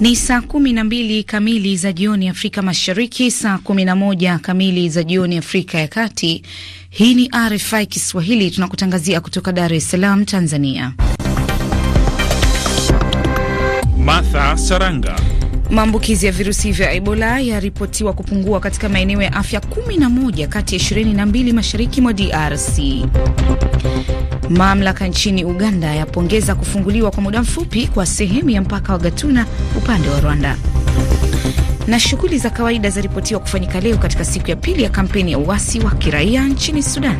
Ni saa kumi na mbili kamili za jioni Afrika Mashariki, saa kumi na moja kamili za jioni Afrika ya Kati. Hii ni RFI Kiswahili, tunakutangazia kutoka Dar es Salaam, Tanzania. Martha Saranga. Maambukizi ya virusi vya Ebola yaripotiwa kupungua katika maeneo ya afya 11 kati ya 22 mashariki mwa DRC. Mamlaka nchini Uganda yapongeza kufunguliwa kwa muda mfupi kwa sehemu ya mpaka wa Gatuna upande wa Rwanda. Na shughuli za kawaida zaripotiwa kufanyika leo katika siku ya pili ya kampeni ya uasi wa kiraia nchini Sudan.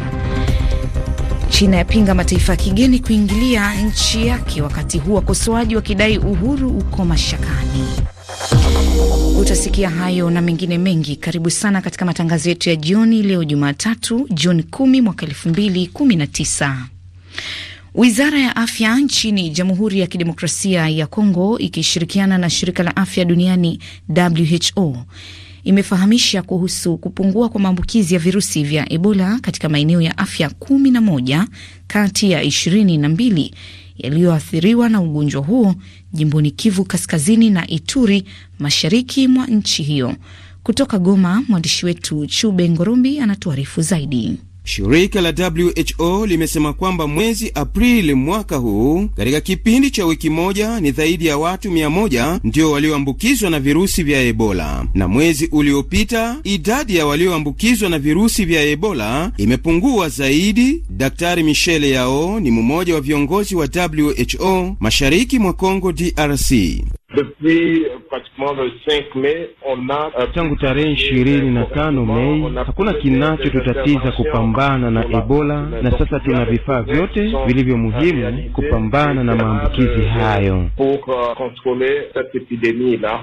China yapinga mataifa ya kigeni kuingilia nchi yake, wakati huu wakosoaji wakidai uhuru uko mashakani. Utasikia hayo na mengine mengi. Karibu sana katika matangazo yetu ya jioni leo Jumatatu, Juni 10 mwaka 2019. Wizara ya afya nchini Jamhuri ya Kidemokrasia ya Kongo ikishirikiana na shirika la afya duniani WHO imefahamisha kuhusu kupungua kwa maambukizi ya virusi vya Ebola katika maeneo ya afya 11 kati ya 22 yaliyoathiriwa na ugonjwa huo jimboni Kivu Kaskazini na Ituri, mashariki mwa nchi hiyo. Kutoka Goma, mwandishi wetu Chube Ngorombi anatuarifu zaidi. Shirika la WHO limesema kwamba mwezi Aprili mwaka huu, katika kipindi cha wiki moja, ni zaidi ya watu 100 ndio walioambukizwa na virusi vya Ebola, na mwezi uliopita idadi ya walioambukizwa na virusi vya Ebola imepungua zaidi. Daktari Michele Yao ni mmoja wa viongozi wa WHO mashariki mwa congo DRC. Euh, euh, tangu tarehe ishirini na tano Mei hakuna kinachotutatiza kupambana na Ebola, na sasa tuna vifaa vyote vilivyo muhimu kupambana na maambukizi euh, hayo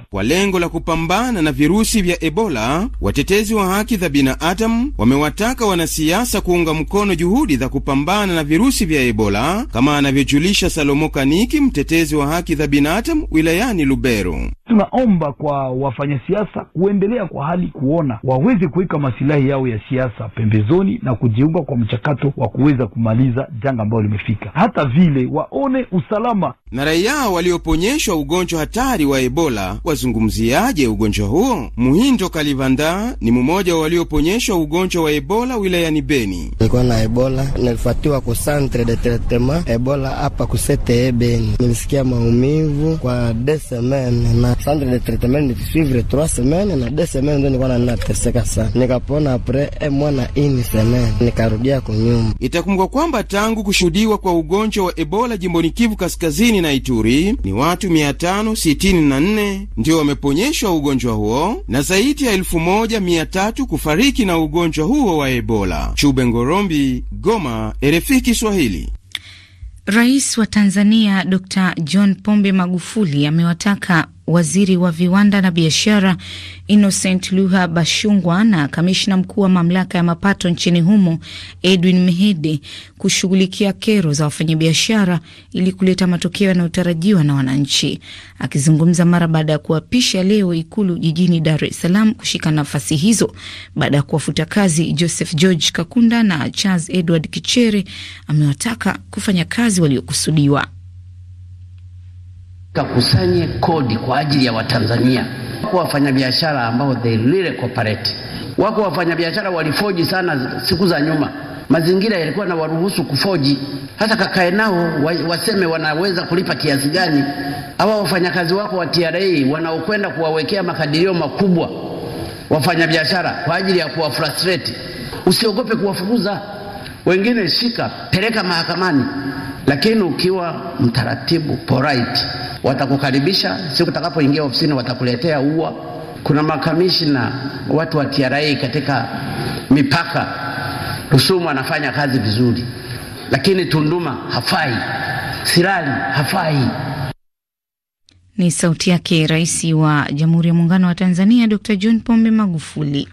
kwa lengo la kupambana na virusi vya Ebola. Watetezi wa haki za binadamu wamewataka wanasiasa kuunga mkono juhudi za kupambana na virusi vya Ebola, kama anavyojulisha Salomo Kaniki, mtetezi wa haki za binadamu wilayani mkoani Lubero. Tunaomba kwa wafanyasiasa kuendelea kwa hali kuona waweze kuweka masilahi yao ya siasa pembezoni na kujiunga kwa mchakato wa kuweza kumaliza janga ambalo limefika, hata vile waone usalama. Na raia walioponyeshwa ugonjwa hatari wa Ebola wazungumziaje ugonjwa huo? Muhindo Kalivanda ni mmoja wa walioponyeshwa ugonjwa wa Ebola wilayani Beni. Nilikuwa na Ebola, nilifuatiwa ku centre de traitement Ebola hapa Beni, nilisikia maumivu kwa des semaine na centre de traitement 3 na 2 ndio nilikuwa ninateseka sana, nikapona e mwana ini semaine nikarudia kunyumba. Itakumbukwa kwamba tangu kushuhudiwa kwa ugonjwa wa Ebola jimboni Kivu Kaskazini na Ituri ni watu 564 ndio wameponyeshwa ugonjwa huo na zaidi ya 1300 kufariki na ugonjwa huo wa Ebola. Chube Ngorombi, Goma, RFI Kiswahili. Rais wa Tanzania Dr John Pombe Magufuli amewataka waziri wa viwanda na biashara Innocent Luha Bashungwa na kamishna mkuu wa mamlaka ya mapato nchini humo Edwin Mhidi kushughulikia kero za wafanyabiashara ili kuleta matokeo yanayotarajiwa na wananchi. Akizungumza mara baada ya kuapisha leo Ikulu jijini Dar es Salaam kushika nafasi hizo baada ya kuwafuta kazi Joseph George Kakunda na Charles Edward Kichere, amewataka kufanya kazi waliokusudiwa kakusanye kodi kwa ajili ya Watanzania. Wako wafanyabiashara ambao they really cooperate. Wako wafanyabiashara walifoji sana siku za nyuma, mazingira yalikuwa na waruhusu kufoji. Hata kakae nao waseme wanaweza kulipa kiasi gani. Hawa wafanyakazi wako wa TRA wanaokwenda kuwawekea makadirio makubwa wafanyabiashara kwa ajili ya kuwafrustrate, usiogope kuwafukuza wengine, shika, peleka mahakamani. Lakini ukiwa mtaratibu polite, watakukaribisha siku utakapoingia ofisini, watakuletea ua. Kuna makamishna watu wa TRA katika mipaka, Rusumo anafanya kazi vizuri, lakini Tunduma hafai, sirali hafai. Ni sauti yake Rais wa Jamhuri ya Muungano wa Tanzania Dr. John Pombe Magufuli.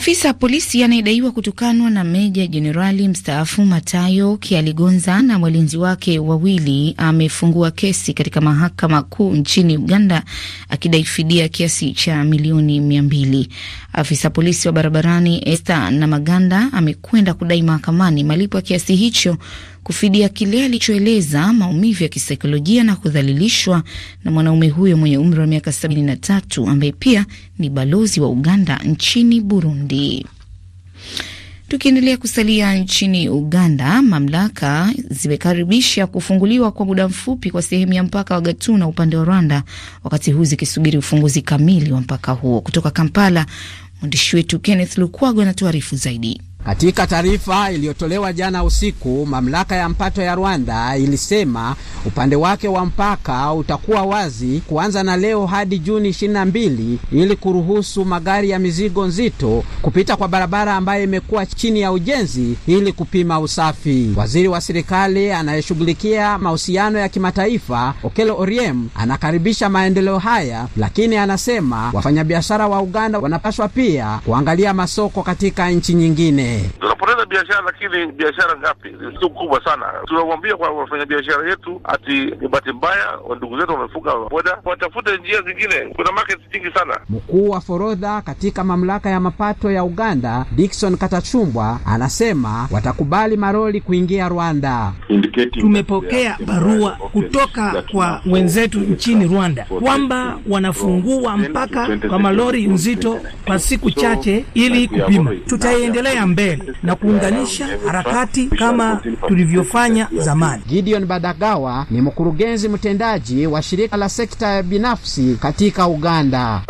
Afisa wa polisi anayedaiwa kutukanwa na meja jenerali mstaafu Matayo Kialigonza na walinzi wake wawili amefungua kesi katika mahakama kuu nchini Uganda akidai fidia kiasi cha milioni mia mbili. Afisa polisi wa barabarani Esther Namaganda amekwenda kudai mahakamani malipo ya kiasi hicho kufidia kile alichoeleza maumivu ya kisaikolojia na kudhalilishwa na mwanaume huyo mwenye umri wa miaka 73 ambaye pia ni balozi wa Uganda nchini Burundi. Tukiendelea kusalia nchini Uganda, mamlaka zimekaribisha kufunguliwa kwa muda mfupi kwa sehemu ya mpaka wa Gatuna upande wa Rwanda, wakati huu zikisubiri ufunguzi kamili wa mpaka huo. Kutoka Kampala, mwandishi wetu Kenneth Lukwago anatuarifu zaidi. Katika taarifa iliyotolewa jana usiku, mamlaka ya mpato ya Rwanda ilisema upande wake wa mpaka utakuwa wazi kuanza na leo hadi Juni 22 ili kuruhusu magari ya mizigo nzito kupita kwa barabara ambayo imekuwa chini ya ujenzi ili kupima usafi. Waziri wa serikali anayeshughulikia mahusiano ya kimataifa okelo oriem anakaribisha maendeleo haya, lakini anasema wafanyabiashara wa Uganda wanapaswa pia kuangalia masoko katika nchi nyingine. Sí. Lo ponen biashara, lakini biashara ngapi? Ni kubwa sana. Tunamwambia kwa wafanya biashara yetu ati ni bahati mbaya, ndugu zetu wamefuga boda, watafute njia zingine. Kuna market nyingi sana. Mkuu wa forodha katika mamlaka ya mapato ya Uganda Dickson Katachumbwa anasema watakubali maroli kuingia Rwanda. Tumepokea barua kutoka kwa wenzetu nchini Rwanda kwamba wanafungua mpaka kwa malori nzito kwa siku chache ili kupima. Tutaendelea mbele na ku kuunganisha harakati kama tulivyofanya zamani. Gideon Badagawa ni mkurugenzi mtendaji wa shirika la sekta ya binafsi katika Uganda.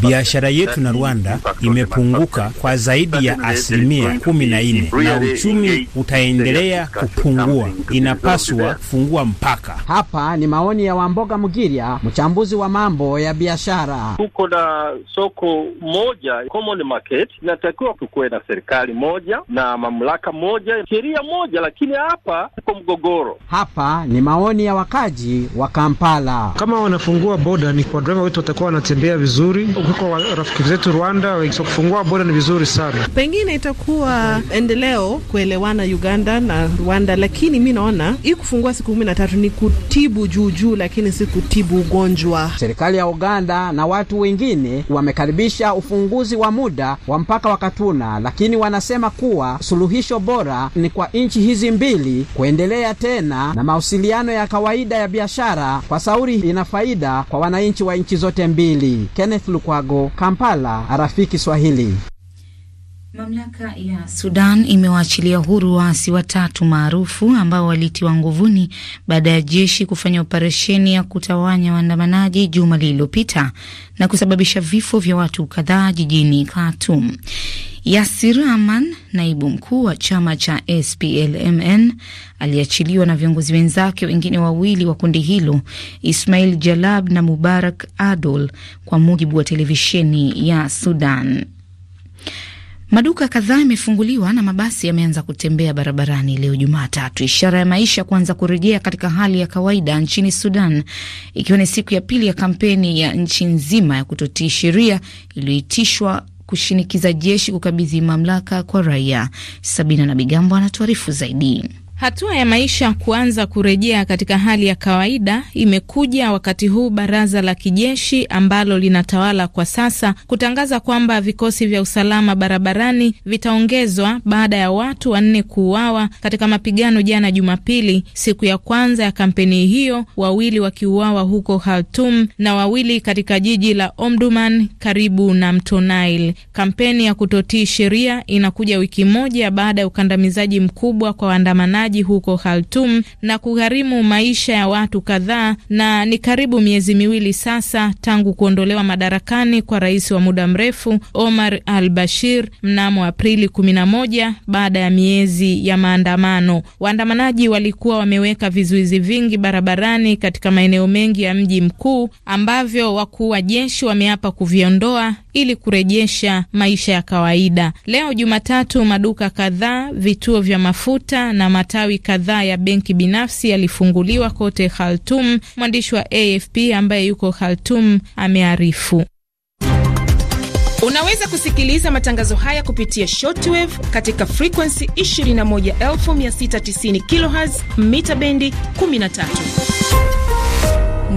Biashara yetu na Rwanda imepunguka kwa zaidi ya asilimia kumi na nne na uchumi utaendelea kupungua. Inapaswa kufungua mpaka. Hapa ni maoni ya Wamboga Mugiria, mchambuzi wa mambo ya biashara. Tuko na soko moja common market na inatakiwa tukuwe na serikali moja na mamlaka moja, sheria moja, lakini hapa uko mgogoro. Hapa ni maoni ya wakaji wa Kampala. Kama wanafungua boda, ni kwa dereva wetu watakuwa wanatembea vizuri. Kwa rafiki zetu Rwanda kufungua boda ni vizuri sana, pengine itakuwa endeleo kuelewana Uganda na Rwanda, lakini mi naona hii kufungua siku kumi na tatu ni kutibu juujuu, lakini si kutibu ugonjwa. Serikali ya Uganda na watu wengine wamekaribisha ufunguzi wa muda wa mpaka wa wakatuna, lakini wanasema kuwa suluhisho bora ni kwa nchi hizi mbili kuendelea tena na mawasiliano ya kawaida ya biashara, kwa sauri ina faida kwa wananchi wa nchi zote mbili. Kenneth Lukwago, Kampala, Arafiki Swahili. Mamlaka ya Sudan imewaachilia huru waasi watatu maarufu ambao walitiwa nguvuni baada ya jeshi kufanya operesheni ya kutawanya waandamanaji juma lililopita na kusababisha vifo vya watu kadhaa jijini Khartoum. Yasir Aman, naibu mkuu wa chama cha SPLMN, aliachiliwa na viongozi wenzake wengine wawili wa kundi hilo, Ismail Jalab na Mubarak Adol, kwa mujibu wa televisheni ya Sudan. Maduka kadhaa yamefunguliwa na mabasi yameanza kutembea barabarani leo Jumatatu, ishara ya maisha kuanza kurejea katika hali ya kawaida nchini Sudan, ikiwa ni siku ya pili ya kampeni ya nchi nzima ya kutotii sheria iliyoitishwa kushinikiza jeshi kukabidhi mamlaka kwa raia. Sabina na Bigambo anatuarifu zaidi. Hatua ya maisha kuanza kurejea katika hali ya kawaida imekuja wakati huu baraza la kijeshi ambalo linatawala kwa sasa kutangaza kwamba vikosi vya usalama barabarani vitaongezwa baada ya watu wanne kuuawa katika mapigano jana Jumapili, siku ya kwanza ya kampeni hiyo, wawili wakiuawa huko Khartoum na wawili katika jiji la Omdurman karibu na mto Nile. Kampeni ya kutotii sheria inakuja wiki moja baada ya ukandamizaji mkubwa kwa waandamanaji mauaji huko Khartoum na kugharimu maisha ya watu kadhaa, na ni karibu miezi miwili sasa tangu kuondolewa madarakani kwa rais wa muda mrefu Omar al-Bashir mnamo Aprili 11 baada ya miezi ya maandamano. Waandamanaji walikuwa wameweka vizuizi vingi barabarani katika maeneo mengi ya mji mkuu ambavyo wakuu wa jeshi wameapa kuviondoa ili kurejesha maisha ya kawaida. Leo Jumatatu, maduka kadhaa, vituo vya mafuta na mata matawi kadhaa ya benki binafsi yalifunguliwa kote Khartoum. Mwandishi wa AFP ambaye yuko Khartoum amearifu. Unaweza kusikiliza matangazo haya kupitia shortwave katika frekuensi 21690 kHz mita bendi 13.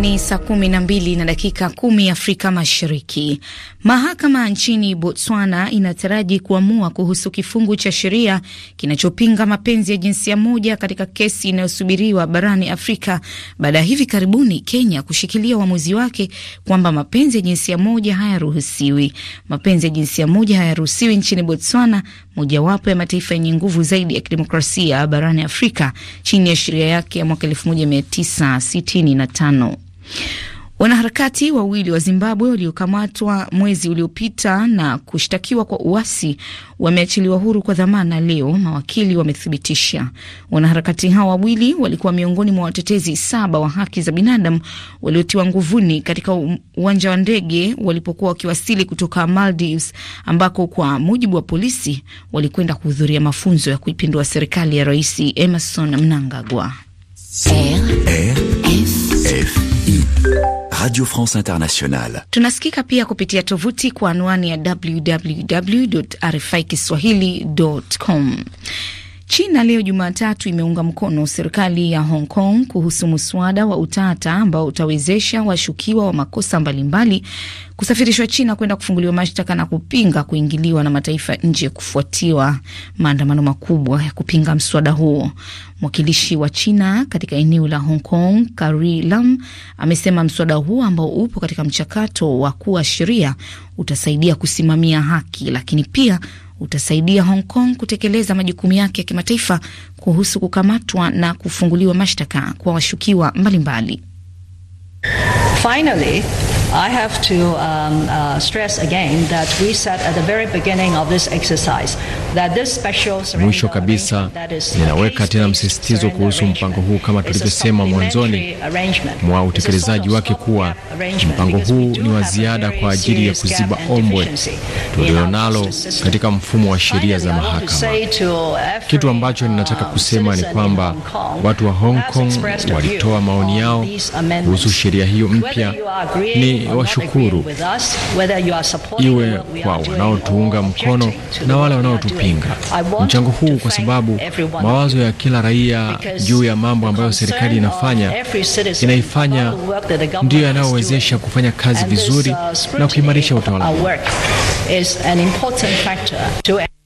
Ni saa kumi na mbili na dakika kumi Afrika Mashariki. Mahakama nchini Botswana inataraji kuamua kuhusu kifungu cha sheria kinachopinga mapenzi ya jinsia moja katika kesi inayosubiriwa barani Afrika baada ya hivi karibuni Kenya kushikilia uamuzi wake kwamba mapenzi ya jinsia moja hayaruhusiwi. Mapenzi ya jinsia moja hayaruhusiwi nchini Botswana mojawapo ya mataifa yenye nguvu zaidi ya kidemokrasia barani Afrika chini ya sheria yake ya mwaka 1965. Wanaharakati wawili wa Zimbabwe waliokamatwa mwezi uliopita na kushtakiwa kwa uasi wameachiliwa huru kwa dhamana leo, mawakili wamethibitisha. Wanaharakati hao wawili walikuwa miongoni mwa watetezi saba wa haki za binadamu waliotiwa nguvuni katika uwanja wa ndege walipokuwa wakiwasili kutoka Maldives, ambako kwa mujibu wa polisi walikwenda kuhudhuria mafunzo ya kuipindua serikali ya Rais emerson Mnangagwa. RFI Radio France Internationale. Tunasikika pia kupitia tovuti kwa anwani ya www.rfikiswahili.com. China leo Jumatatu imeunga mkono serikali ya Hong Kong kuhusu muswada wa utata ambao utawezesha washukiwa wa makosa mbalimbali kusafirishwa China kwenda kufunguliwa mashtaka na kupinga kuingiliwa na mataifa nje kufuatiwa maandamano makubwa ya kupinga mswada huo. Mwakilishi wa China katika eneo la Hong Kong, Carrie Lam, amesema mswada huo ambao upo katika mchakato wa kuwa sheria utasaidia kusimamia haki, lakini pia utasaidia Hong Kong kutekeleza majukumu yake ya kimataifa kuhusu kukamatwa na kufunguliwa mashtaka kwa washukiwa mbalimbali mbali. Finally, I have to um, uh, stress again that we said at the very beginning of this exercise that this special mwisho kabisa ninaweka tena msisitizo kuhusu mpango huu kama tulivyosema mwanzoni mwa utekelezaji wake kuwa mpango huu ni wa ziada kwa ajili ya kuziba ombwe nalo katika mfumo wa sheria za mahakama. Kitu ambacho uh, ninataka kusema ni kwamba watu wa Hong Kong walitoa maoni yao kuhusu sheria sheria hiyo mpya ni washukuru, iwe kwa wanaotuunga mkono na wale wanaotupinga mchango huu, kwa sababu mawazo ya kila raia juu ya mambo ambayo serikali inafanya inaifanya ndiyo yanayowezesha kufanya kazi vizuri uh, na kuimarisha utawala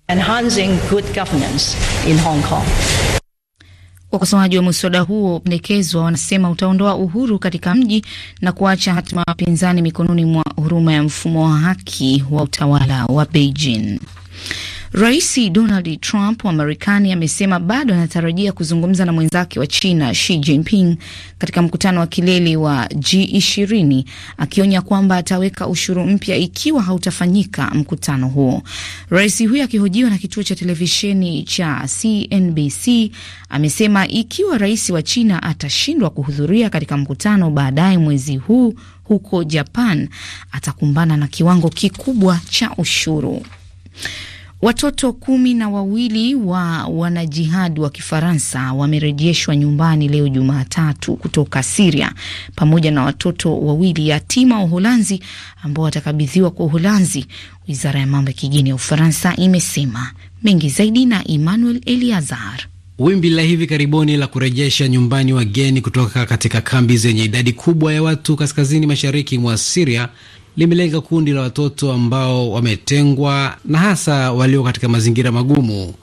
enhancing good governance in Hong Kong. Wakosoaji wa muswada huo pendekezwa wanasema utaondoa uhuru katika mji na kuacha hatima ya wapinzani mikononi mwa huruma ya mfumo wa haki wa utawala wa Beijing. Rais Donald Trump wa Marekani amesema bado anatarajia kuzungumza na mwenzake wa China Xi Jinping katika mkutano wa kilele wa G20, akionya kwamba ataweka ushuru mpya ikiwa hautafanyika mkutano huo. Rais huyo akihojiwa na kituo cha televisheni cha CNBC amesema ikiwa rais wa China atashindwa kuhudhuria katika mkutano baadaye mwezi huu huko Japan, atakumbana na kiwango kikubwa cha ushuru. Watoto kumi na wawili wa wanajihadi wa Kifaransa wamerejeshwa nyumbani leo Jumatatu kutoka Siria pamoja na watoto wawili yatima wa Uholanzi ambao watakabidhiwa kwa Uholanzi, wizara ya mambo ya kigeni ya Ufaransa imesema. Mengi zaidi na Emmanuel Eliazar. Wimbi la hivi karibuni la kurejesha nyumbani wageni kutoka katika kambi zenye idadi kubwa ya watu kaskazini mashariki mwa Siria limelenga kundi la watoto ambao wametengwa na hasa walio katika mazingira magumu,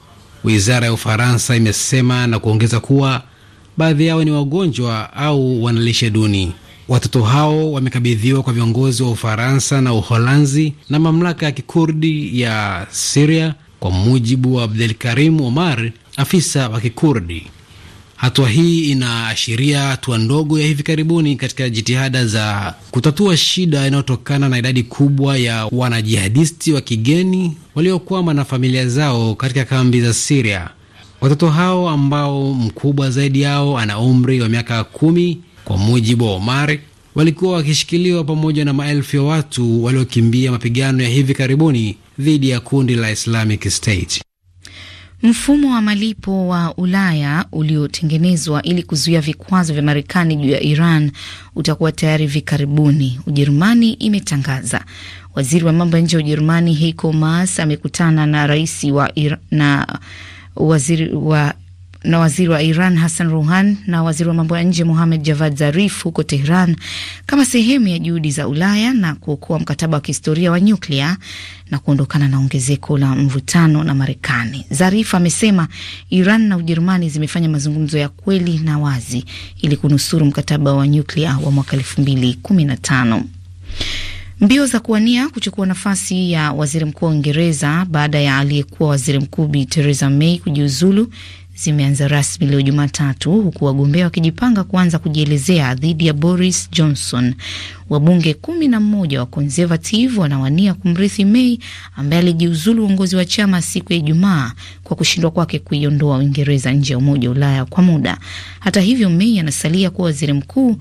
wizara ya Ufaransa imesema na kuongeza kuwa baadhi yao ni wagonjwa au wanalishe duni. Watoto hao wamekabidhiwa kwa viongozi wa Ufaransa na Uholanzi na mamlaka ya kikurdi ya Siria, kwa mujibu wa Abdelkarim Omar, afisa wa kikurdi Hatua hii inaashiria hatua ndogo ya hivi karibuni katika jitihada za kutatua shida inayotokana na idadi kubwa ya wanajihadisti wa kigeni waliokwama na familia zao katika kambi za Siria. Watoto hao ambao mkubwa zaidi yao ana umri wa miaka kumi, kwa mujibu wa Omar, walikuwa wakishikiliwa pamoja na maelfu ya watu waliokimbia mapigano ya hivi karibuni dhidi ya kundi la Islamic State. Mfumo wa malipo wa Ulaya uliotengenezwa ili kuzuia vikwazo vya Marekani juu ya Iran utakuwa tayari hivi karibuni, Ujerumani imetangaza. Waziri wa mambo ya nje wa Ujerumani Heiko Maas amekutana na rais wa na waziri wa na waziri wa Iran Hassan Rouhani na waziri wa mambo ya nje Mohamed Javad Zarif huko Tehran kama sehemu ya juhudi za Ulaya na kuokoa mkataba wa kihistoria wa nyuklia na kuondokana na ongezeko la mvutano na Marekani. Zarif amesema Iran na Ujerumani zimefanya mazungumzo ya kweli na wazi ili kunusuru mkataba wa nyuklia wa mwaka 2015. Mbio za kuwania kuchukua nafasi ya waziri mkuu wa Uingereza baada ya aliyekuwa waziri mkuu Bi Theresa May kujiuzulu zimeanza rasmi leo Jumatatu, huku wagombea wakijipanga kuanza kujielezea dhidi ya Boris Johnson. Wabunge kumi na mmoja wa Conservative wanawania kumrithi May ambaye alijiuzulu uongozi wa chama siku ya Ijumaa kwa kushindwa kwake kuiondoa Uingereza nje ya Umoja wa Ulaya kwa muda. Hata hivyo, May anasalia kuwa waziri mkuu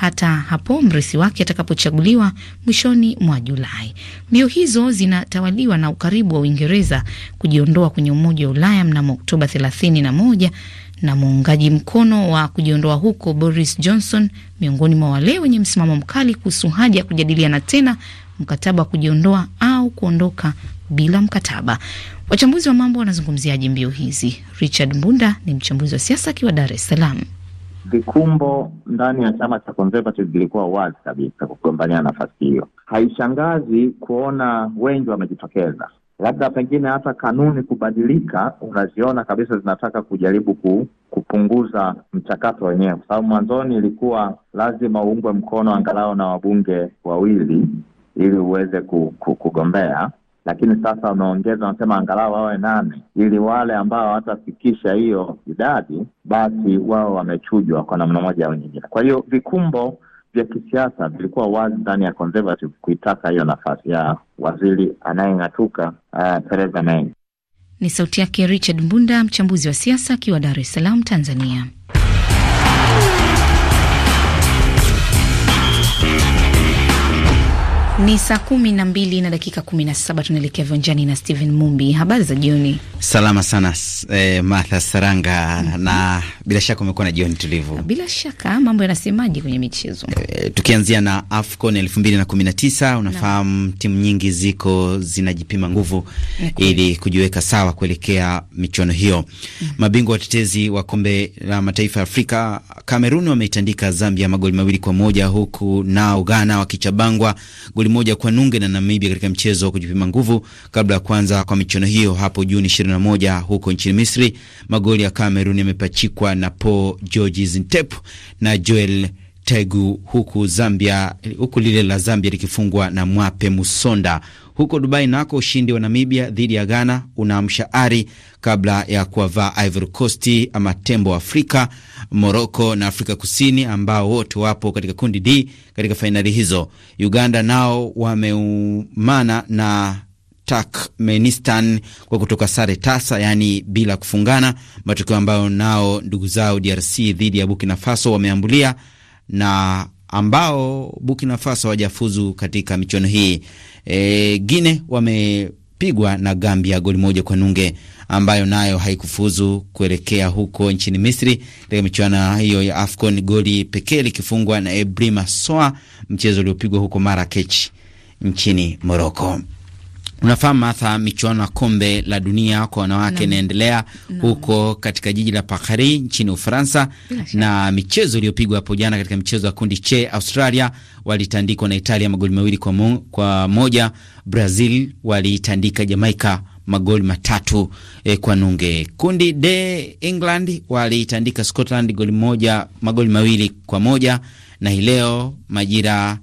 hata hapo mrithi wake atakapochaguliwa mwishoni mwa Julai. Mbio hizo zinatawaliwa na ukaribu wa Uingereza kujiondoa kwenye Umoja wa Ulaya mnamo Oktoba 31 na muungaji mkono wa kujiondoa huko Boris Johnson miongoni mwa wale wenye msimamo mkali kuhusu haja ya kujadiliana tena mkataba wa kujiondoa au kuondoka bila mkataba. Wachambuzi wa mambo wanazungumziaje mbio hizi? Richard Mbunda ni mchambuzi wa siasa akiwa Dar es Salaam vikumbo ndani ya chama cha Conservative vilikuwa wazi kabisa kugombania nafasi hiyo. Haishangazi kuona wengi wamejitokeza, labda pengine hata kanuni kubadilika, unaziona kabisa zinataka kujaribu ku, kupunguza mchakato wenyewe, kwa sababu mwanzoni ilikuwa lazima uungwe mkono angalau na wabunge wawili ili uweze ku, ku, kugombea lakini sasa wameongeza, wanasema angalau wawe nane, ili wale ambao hawatafikisha hiyo idadi basi wao wamechujwa kwa namna moja au nyingine. Kwa hiyo vikumbo vya kisiasa vilikuwa wazi ndani ya Conservative kuitaka hiyo nafasi ya waziri anayeng'atuka uh, Theresa May. Ni sauti yake Richard Mbunda, mchambuzi wa siasa akiwa Dar es Salaam, Tanzania. Ni saa kumi na mbili na dakika kumi na saba tunaelekea viwanjani na Steven Mumbi. Habari za jioni. Salama sana eh, Martha Saranga. mm -hmm. Na bila shaka umekuwa na jioni tulivu. Bila shaka mambo yanasemaje kwenye michezo eh? Tukianzia na AFCON elfu mbili na kumi na tisa unafahamu no. timu nyingi ziko zinajipima nguvu ili kujiweka sawa kuelekea michuano hiyo. mm -hmm. Mabingwa watetezi wa kombe la mataifa ya Afrika, Kameruni wameitandika Zambia magoli mawili kwa moja huku na Ghana wakichabangwa goli moja kwa nunge na Namibia katika mchezo wa kujipima nguvu kabla ya kuanza kwa michuano hiyo hapo Juni 21 huko nchini Misri. Magoli ya Cameroon yamepachikwa na Paul Georges Ntep na Joel Tegu, huku Zambia, huku lile la Zambia likifungwa na Mwape Musonda. Huko Dubai nako ushindi wa Namibia dhidi ya Ghana unaamsha ari kabla ya kuwavaa Ivory Coast ama tembo Afrika, Morocco na Afrika Kusini ambao wote wapo katika kundi D katika fainali hizo. Uganda nao wameumana na Turkmenistan kwa kutoka sare tasa, yani bila kufungana, matokeo ambayo nao ndugu zao DRC dhidi ya Burkina Faso wameambulia na ambao Burkina Faso hawajafuzu katika michuano hii. E, Guine wame kupigwa na Gambia goli moja kwa nunge ambayo nayo haikufuzu kuelekea huko nchini Misri katika michuano hiyo ya AFCON, goli pekee likifungwa na Ebrima Soa, mchezo uliopigwa huko Marakech nchini Moroko. Unafahamu Martha, michuano ya kombe la dunia kwa wanawake inaendelea huko katika jiji la Paris nchini Ufaransa, na michezo iliyopigwa hapo jana katika michezo ya kundi che, Australia walitandikwa na Italia magoli mawili kwa, mo, kwa moja. Brazil walitandika jamaika magoli matatu eh, kwa nunge. Kundi D, England walitandika Scotland goli moja, magoli mawili kwa moja, na hii leo majira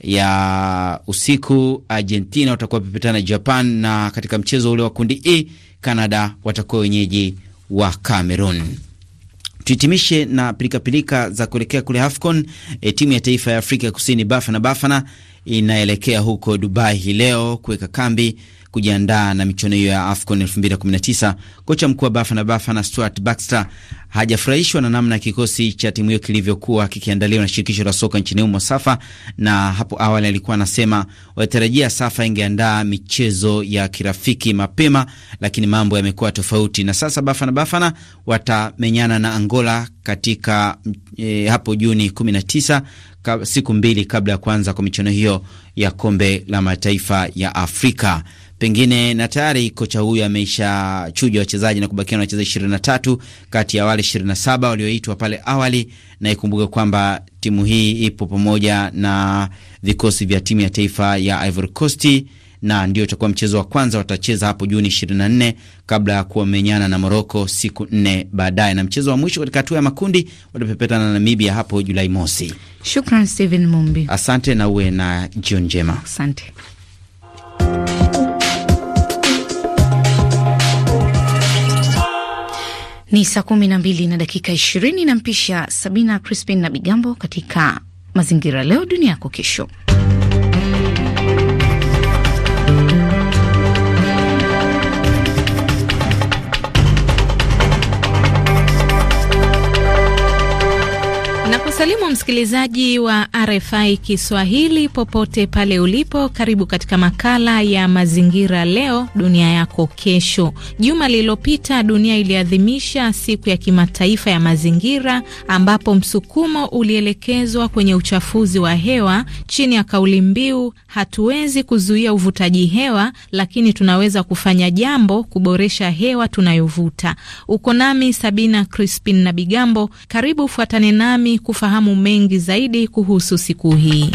ya usiku Argentina watakuwa pepetana Japan, na katika mchezo ule wa kundi E Canada watakuwa wenyeji wa Cameroon. Tuhitimishe na pilikapilika -pilika za kuelekea kule AFCON. E, timu ya taifa ya Afrika Kusini Bafana Bafana inaelekea huko Dubai hii leo kuweka kambi kujiandaa na michuano hiyo ya AFCON 2019. Kocha mkuu wa Bafana Bafana Stuart Baxter hajafurahishwa na namna kikosi cha timu hiyo kilivyokuwa kikiandaliwa na shirikisho la soka nchini humo SAFA, na hapo awali alikuwa anasema walitarajia SAFA ingeandaa michezo ya kirafiki mapema, lakini mambo yamekuwa tofauti, na sasa Bafana Bafana watamenyana na Angola katika e, hapo Juni 19 siku mbili kabla ya kuanza kwa michuano hiyo ya kombe la mataifa ya Afrika pengine na tayari kocha huyu ameisha chuja wachezaji na kubakia na wachezaji ishirini na tatu kati ya wale ishirini na saba walioitwa pale awali, na ikumbuke kwamba timu hii ipo pamoja na vikosi vya timu ya taifa ya Ivory Coast na ndio itakuwa mchezo wa kwanza watacheza hapo Juni 24 kabla ya kuwamenyana na Moroko siku nne baadaye, na mchezo wa mwisho katika hatua ya makundi watapepetana na Namibia hapo Julai mosi. Shukran Steven Mumbi, asante na uwe na jioni njema. Asante. Ni saa kumi na mbili na dakika ishirini na mpisha Sabina Crispin na Bigambo katika mazingira leo dunia yako kesho. Msikilizaji wa RFI Kiswahili popote pale ulipo, karibu katika makala ya mazingira leo dunia yako kesho. Juma lililopita dunia iliadhimisha siku ya kimataifa ya mazingira, ambapo msukumo ulielekezwa kwenye uchafuzi wa hewa chini ya kauli mbiu, hatuwezi kuzuia uvutaji hewa, lakini tunaweza kufanya jambo kuboresha hewa tunayovuta. Uko nami Sabina Crispin na Bigambo, karibu fuatane nami kufahamu mengi mengi zaidi kuhusu siku hii.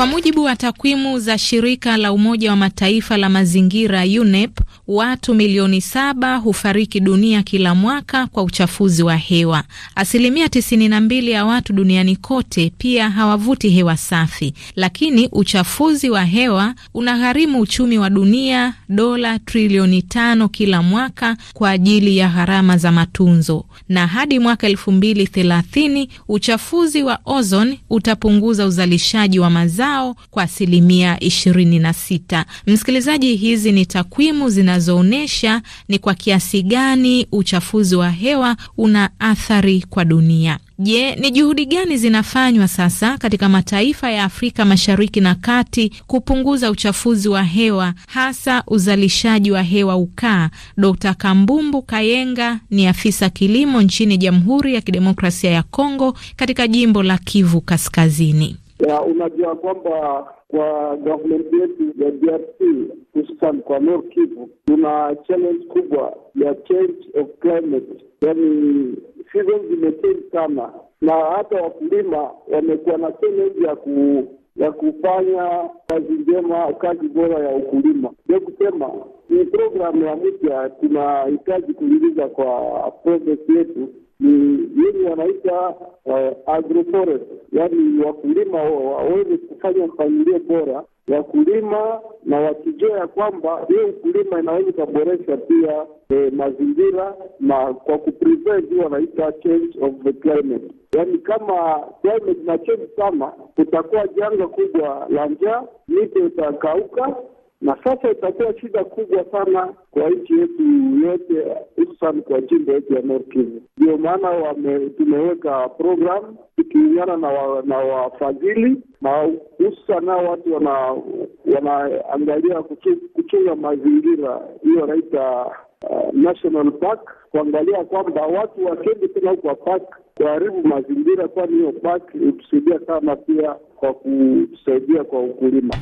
Kwa mujibu wa takwimu za shirika la Umoja wa Mataifa la mazingira UNEP, watu milioni saba hufariki dunia kila mwaka kwa uchafuzi wa hewa. Asilimia 92 ya watu duniani kote pia hawavuti hewa safi, lakini uchafuzi wa hewa unagharimu uchumi wa dunia dola trilioni tano kila mwaka kwa ajili ya gharama za matunzo, na hadi mwaka thelathini uchafuzi wa ozon utapunguza uzalishaji wa mazao zao kwa asilimia ishirini na sita. Msikilizaji, hizi ni takwimu zinazoonyesha ni kwa kiasi gani uchafuzi wa hewa una athari kwa dunia. Je, ni juhudi gani zinafanywa sasa katika mataifa ya Afrika Mashariki na Kati kupunguza uchafuzi wa hewa hasa uzalishaji wa hewa ukaa? Dkt. Kambumbu Kayenga ni afisa kilimo nchini Jamhuri ya Kidemokrasia ya Kongo katika jimbo la Kivu Kaskazini ya unajua kwamba kwa government yetu ya DRC hususan kwa Nord Kivu kuna challenge kubwa ya change of climate, yani season zimechange sana, na hata wakulima wamekuwa na challenge ya ku ya kufanya kazi njema, kazi bora ya ukulima. Ndio kusema ni programu ya mpya tunahitaji kuingiza kwa progress yetu ni yenye wanaita uh, agroforest, yaani wakulima waweze kufanya mpangilio bora wakulima na wakijua ya kwamba hiyo ukulima inaweza ikaboresha pia e, mazingira na kwa kuprevent wanaita change of the climate, yaani kama climate na change sana, kutakuwa janga kubwa la njaa, mito itakauka na sasa itakuwa shida kubwa sana kwa nchi yetu yote, hususan kwa jimbo yetu ya North Kivu. Ndio maana tumeweka programu tukiungana na wafadhili na hususan nao watu wanaangalia wana kuchunga mazingira, hiyo naita uh, national park, kuangalia kwamba watu wakendi tena huko park kuharibu mazingira, kwani hiyo park hutusaidia sana pia kwa kutusaidia kwa ukulima.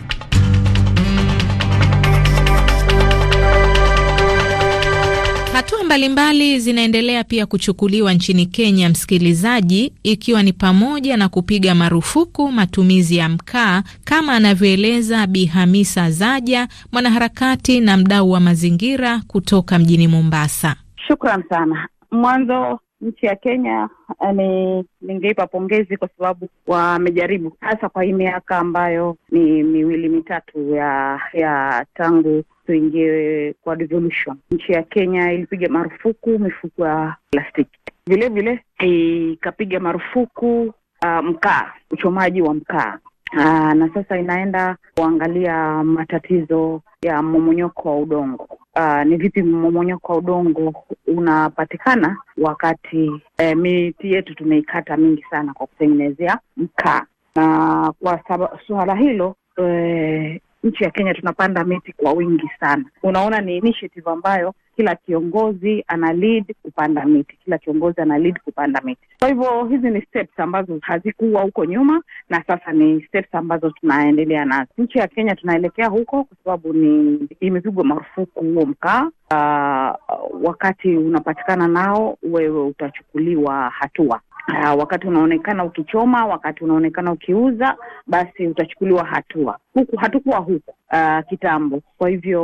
Hatua mbalimbali zinaendelea pia kuchukuliwa nchini Kenya, msikilizaji, ikiwa ni pamoja na kupiga marufuku matumizi ya mkaa, kama anavyoeleza Bi Hamisa Zaja, mwanaharakati na mdau wa mazingira kutoka mjini Mombasa. Shukran sana. Mwanzo nchi ya Kenya eh, ni ningeipa pongezi kwa sababu wamejaribu hasa kwa hii miaka ambayo ni miwili mitatu ya ya tangu tuingie kwa devolution. Nchi ya Kenya ilipiga marufuku mifuko ya plastiki, vilevile ikapiga marufuku uh, mkaa, uchomaji wa mkaa. uh, na sasa inaenda kuangalia matatizo ya mmomonyoko wa udongo uh, ni vipi mmomonyoko wa udongo unapatikana wakati eh, miti yetu tumeikata mingi sana kwa kutengenezea mkaa, na kwa suala hilo eh, nchi ya Kenya tunapanda miti kwa wingi sana. Unaona, ni initiative ambayo kila kiongozi ana lead kupanda miti, kila kiongozi ana lead kupanda miti. Kwa hivyo hizi ni steps ambazo hazikuwa huko nyuma, na sasa ni steps ambazo tunaendelea nazo. Nchi ya Kenya tunaelekea huko kwa sababu ni imepigwa marufuku huo mkaa. Uh, wakati unapatikana nao wewe utachukuliwa hatua. Uh, wakati unaonekana ukichoma, wakati unaonekana ukiuza, basi utachukuliwa hatua. Huku hatukuwa huku uh, kitambo. Kwa hivyo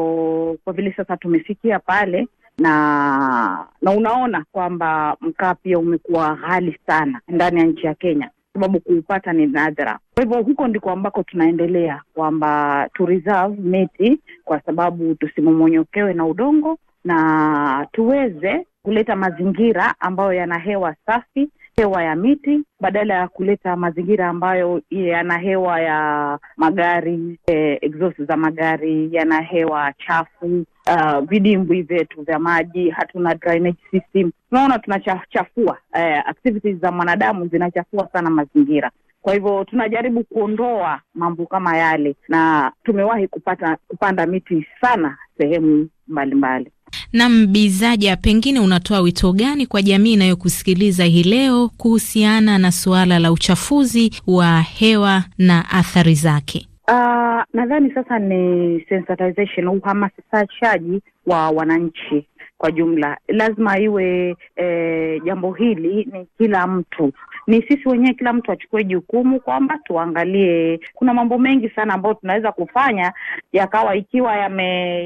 kwa vile sasa tumefikia pale na na unaona kwamba mkaa pia umekuwa ghali sana ndani ya nchi ya Kenya, sababu kuupata ni nadra. Kwa hivyo huko ndiko ambako tunaendelea kwamba tu reserve miti kwa sababu tusimomonyokewe na udongo na tuweze kuleta mazingira ambayo yana hewa safi hewa ya miti badala ya kuleta mazingira ambayo yana hewa ya magari eh, exhaust za magari, yana hewa chafu uh, vidimbwi vyetu vya maji, hatuna drainage system. Tunaona tunachafua eh, activities za mwanadamu zinachafua sana mazingira. Kwa hivyo tunajaribu kuondoa mambo kama yale, na tumewahi kupata kupanda miti sana sehemu mbalimbali. Nam Bizaja, pengine unatoa wito gani kwa jamii inayokusikiliza hii leo kuhusiana na suala la uchafuzi wa hewa na athari zake? Uh, nadhani sasa ni sensitization, uhamasishaji wa wananchi kwa jumla. Lazima iwe e, jambo hili ni kila mtu, ni sisi wenyewe, kila mtu achukue jukumu kwamba tuangalie, kuna mambo mengi sana ambayo tunaweza kufanya yakawa, ikiwa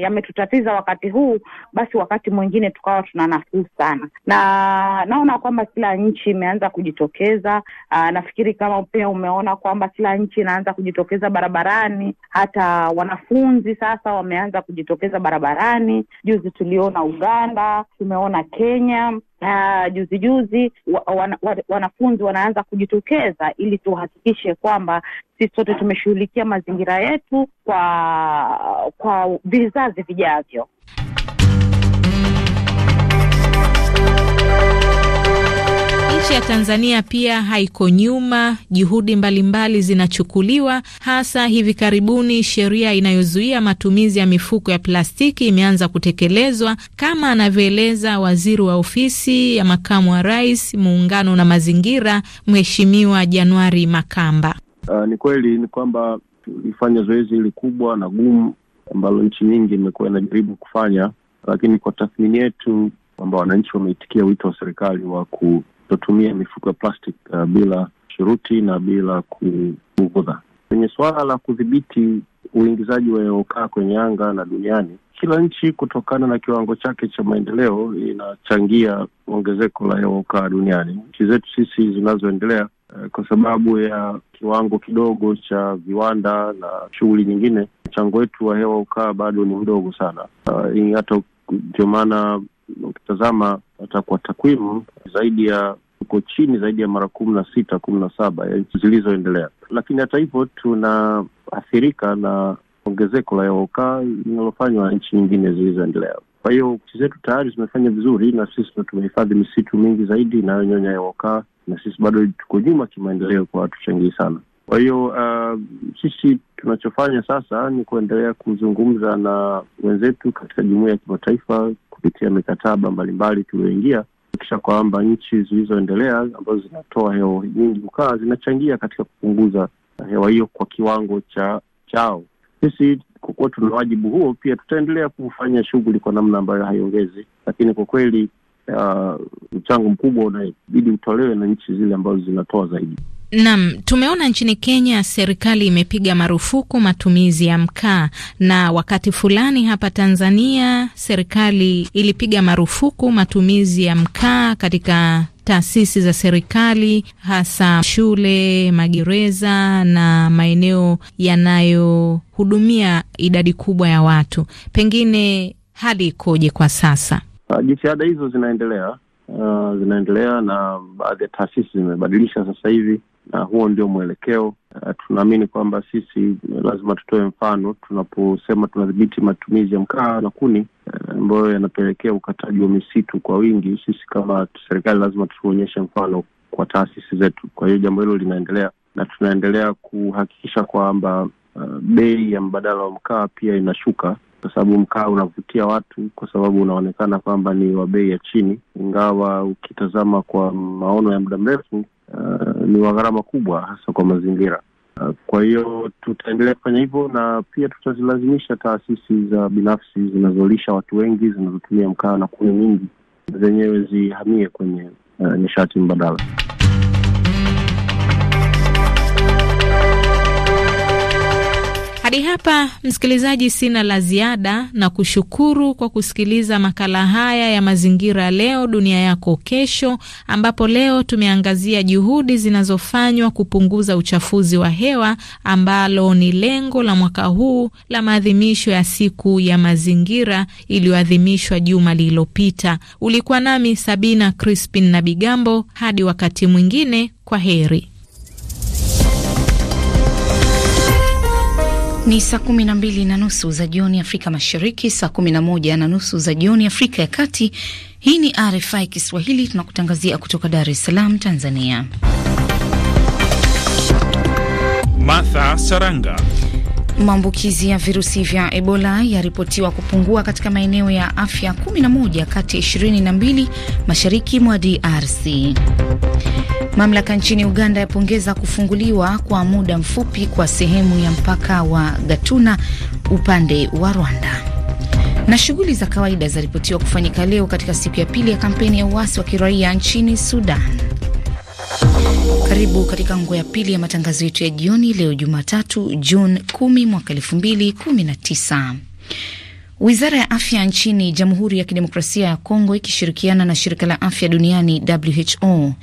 yametutatiza yame wakati huu, basi wakati mwingine tukawa tuna nafuu sana, na naona kwamba kila nchi imeanza kujitokeza. Aa, ah, nafikiri kama pia umeona kwamba kila nchi inaanza kujitokeza barabarani, hata wanafunzi sasa wameanza kujitokeza barabarani. Juzi tuliona Uganda Uganda, tumeona Kenya na juzi juzi wa, wana, wanafunzi wanaanza kujitokeza ili tuhakikishe kwamba sisi sote tumeshughulikia mazingira yetu kwa kwa vizazi vijavyo. Nchi ya Tanzania pia haiko nyuma, juhudi mbalimbali zinachukuliwa, hasa hivi karibuni sheria inayozuia matumizi ya mifuko ya plastiki imeanza kutekelezwa, kama anavyoeleza waziri wa ofisi ya makamu wa rais, muungano na mazingira, Mheshimiwa Januari Makamba. Uh, ni kweli ni kwamba tulifanya zoezi hili kubwa na gumu ambalo nchi nyingi imekuwa inajaribu kufanya, lakini kwa tathmini yetu kwamba wananchi wameitikia wito wa serikali wa ku kutotumia mifuko ya plastic uh, bila shuruti na bila kuugudha Kwenye suala la kudhibiti uingizaji wa hewa kwenye anga na duniani, kila nchi kutokana na kiwango chake cha maendeleo inachangia ongezeko la hewa duniani. Nchi zetu sisi zinazoendelea uh, kwa sababu ya kiwango kidogo cha viwanda na shughuli nyingine, mchango wetu wa hewa ukaa bado ni mdogo sana. Uh, hata uh, ndio maana ukitazama hata kwa takwimu zaidi ya uko chini zaidi ya mara kumi na sita kumi na saba ya nchi zilizoendelea. Lakini hata hivyo tunaathirika na ongezeko la yaoka ukaa linalofanywa nchi nyingine zilizoendelea. Kwa hiyo nchi zetu tayari zimefanya vizuri, na sisi ndo tumehifadhi misitu mingi zaidi inayonyonya yaoka na sisi bado tuko nyuma kimaendeleo, kwa hatuchangii sana. Kwa hiyo uh, sisi tunachofanya sasa ni kuendelea kuzungumza na wenzetu katika jumuia ya kimataifa kupitia mikataba mbalimbali tulioingia kisha kwamba nchi zilizoendelea ambazo zinatoa hewa nyingi ukaa zinachangia katika kupunguza hewa hiyo kwa kiwango cha chao. Sisi kwa kuwa tuna wajibu huo, pia tutaendelea kufanya shughuli kwa namna ambayo haiongezi, lakini kwa kweli uh, mchango uh, mkubwa unabidi utolewe na nchi zile ambazo zinatoa zaidi. Nam, tumeona nchini Kenya serikali imepiga marufuku matumizi ya mkaa, na wakati fulani hapa Tanzania serikali ilipiga marufuku matumizi ya mkaa katika taasisi za serikali hasa shule, magereza na maeneo yanayohudumia idadi kubwa ya watu. Pengine hali ikoje kwa sasa? Uh, jitihada hizo zinaendelea, uh, zinaendelea na baadhi ya taasisi zimebadilisha sasa hivi na huo ndio mwelekeo. Uh, tunaamini kwamba sisi eh, lazima tutoe mfano tunaposema tunadhibiti matumizi ya mkaa na kuni eh, ambayo uh, yanapelekea ukataji wa misitu kwa wingi. Sisi kama serikali lazima tuonyeshe mfano kwa taasisi zetu. Kwa hiyo jambo hilo linaendelea na tunaendelea kuhakikisha kwamba uh, bei ya mbadala wa mkaa pia inashuka kwa sababu mkaa unavutia watu kwa sababu unaonekana kwamba ni wa bei ya chini, ingawa ukitazama kwa maono ya muda mrefu Eh, ni wa gharama kubwa hasa kwa mazingira. Uh, kwa hiyo tutaendelea kufanya hivyo, na pia tutazilazimisha taasisi za binafsi zinazolisha watu wengi, zinazotumia mkaa na kuni nyingi, zenyewe zihamie kwenye uh, nishati mbadala. Hadi hapa msikilizaji, sina la ziada na kushukuru kwa kusikiliza makala haya ya mazingira leo dunia yako kesho, ambapo leo tumeangazia juhudi zinazofanywa kupunguza uchafuzi wa hewa ambalo ni lengo la mwaka huu la maadhimisho ya siku ya mazingira iliyoadhimishwa juma lililopita. Ulikuwa nami Sabina Crispin na Bigambo. Hadi wakati mwingine, kwa heri. Ni saa kumi na mbili na nusu za jioni Afrika Mashariki, saa kumi na moja na nusu za jioni Afrika ya Kati. Hii ni RFI Kiswahili, tunakutangazia kutoka Dar es Salaam, Tanzania. Martha Saranga. Maambukizi ya virusi vya Ebola yaripotiwa kupungua katika maeneo ya afya 11 kati ya 22 mashariki mwa DRC. Mamlaka nchini Uganda yapongeza kufunguliwa kwa muda mfupi kwa sehemu ya mpaka wa Gatuna upande wa Rwanda. Na shughuli za kawaida zaripotiwa kufanyika leo katika siku ya pili ya kampeni ya uasi wa kiraia nchini Sudan. Karibu katika nguo ya pili ya matangazo yetu ya jioni leo Jumatatu, Juni 10 mwaka 2019. Wizara ya afya nchini Jamhuri ya Kidemokrasia ya Kongo ikishirikiana na shirika la afya duniani WHO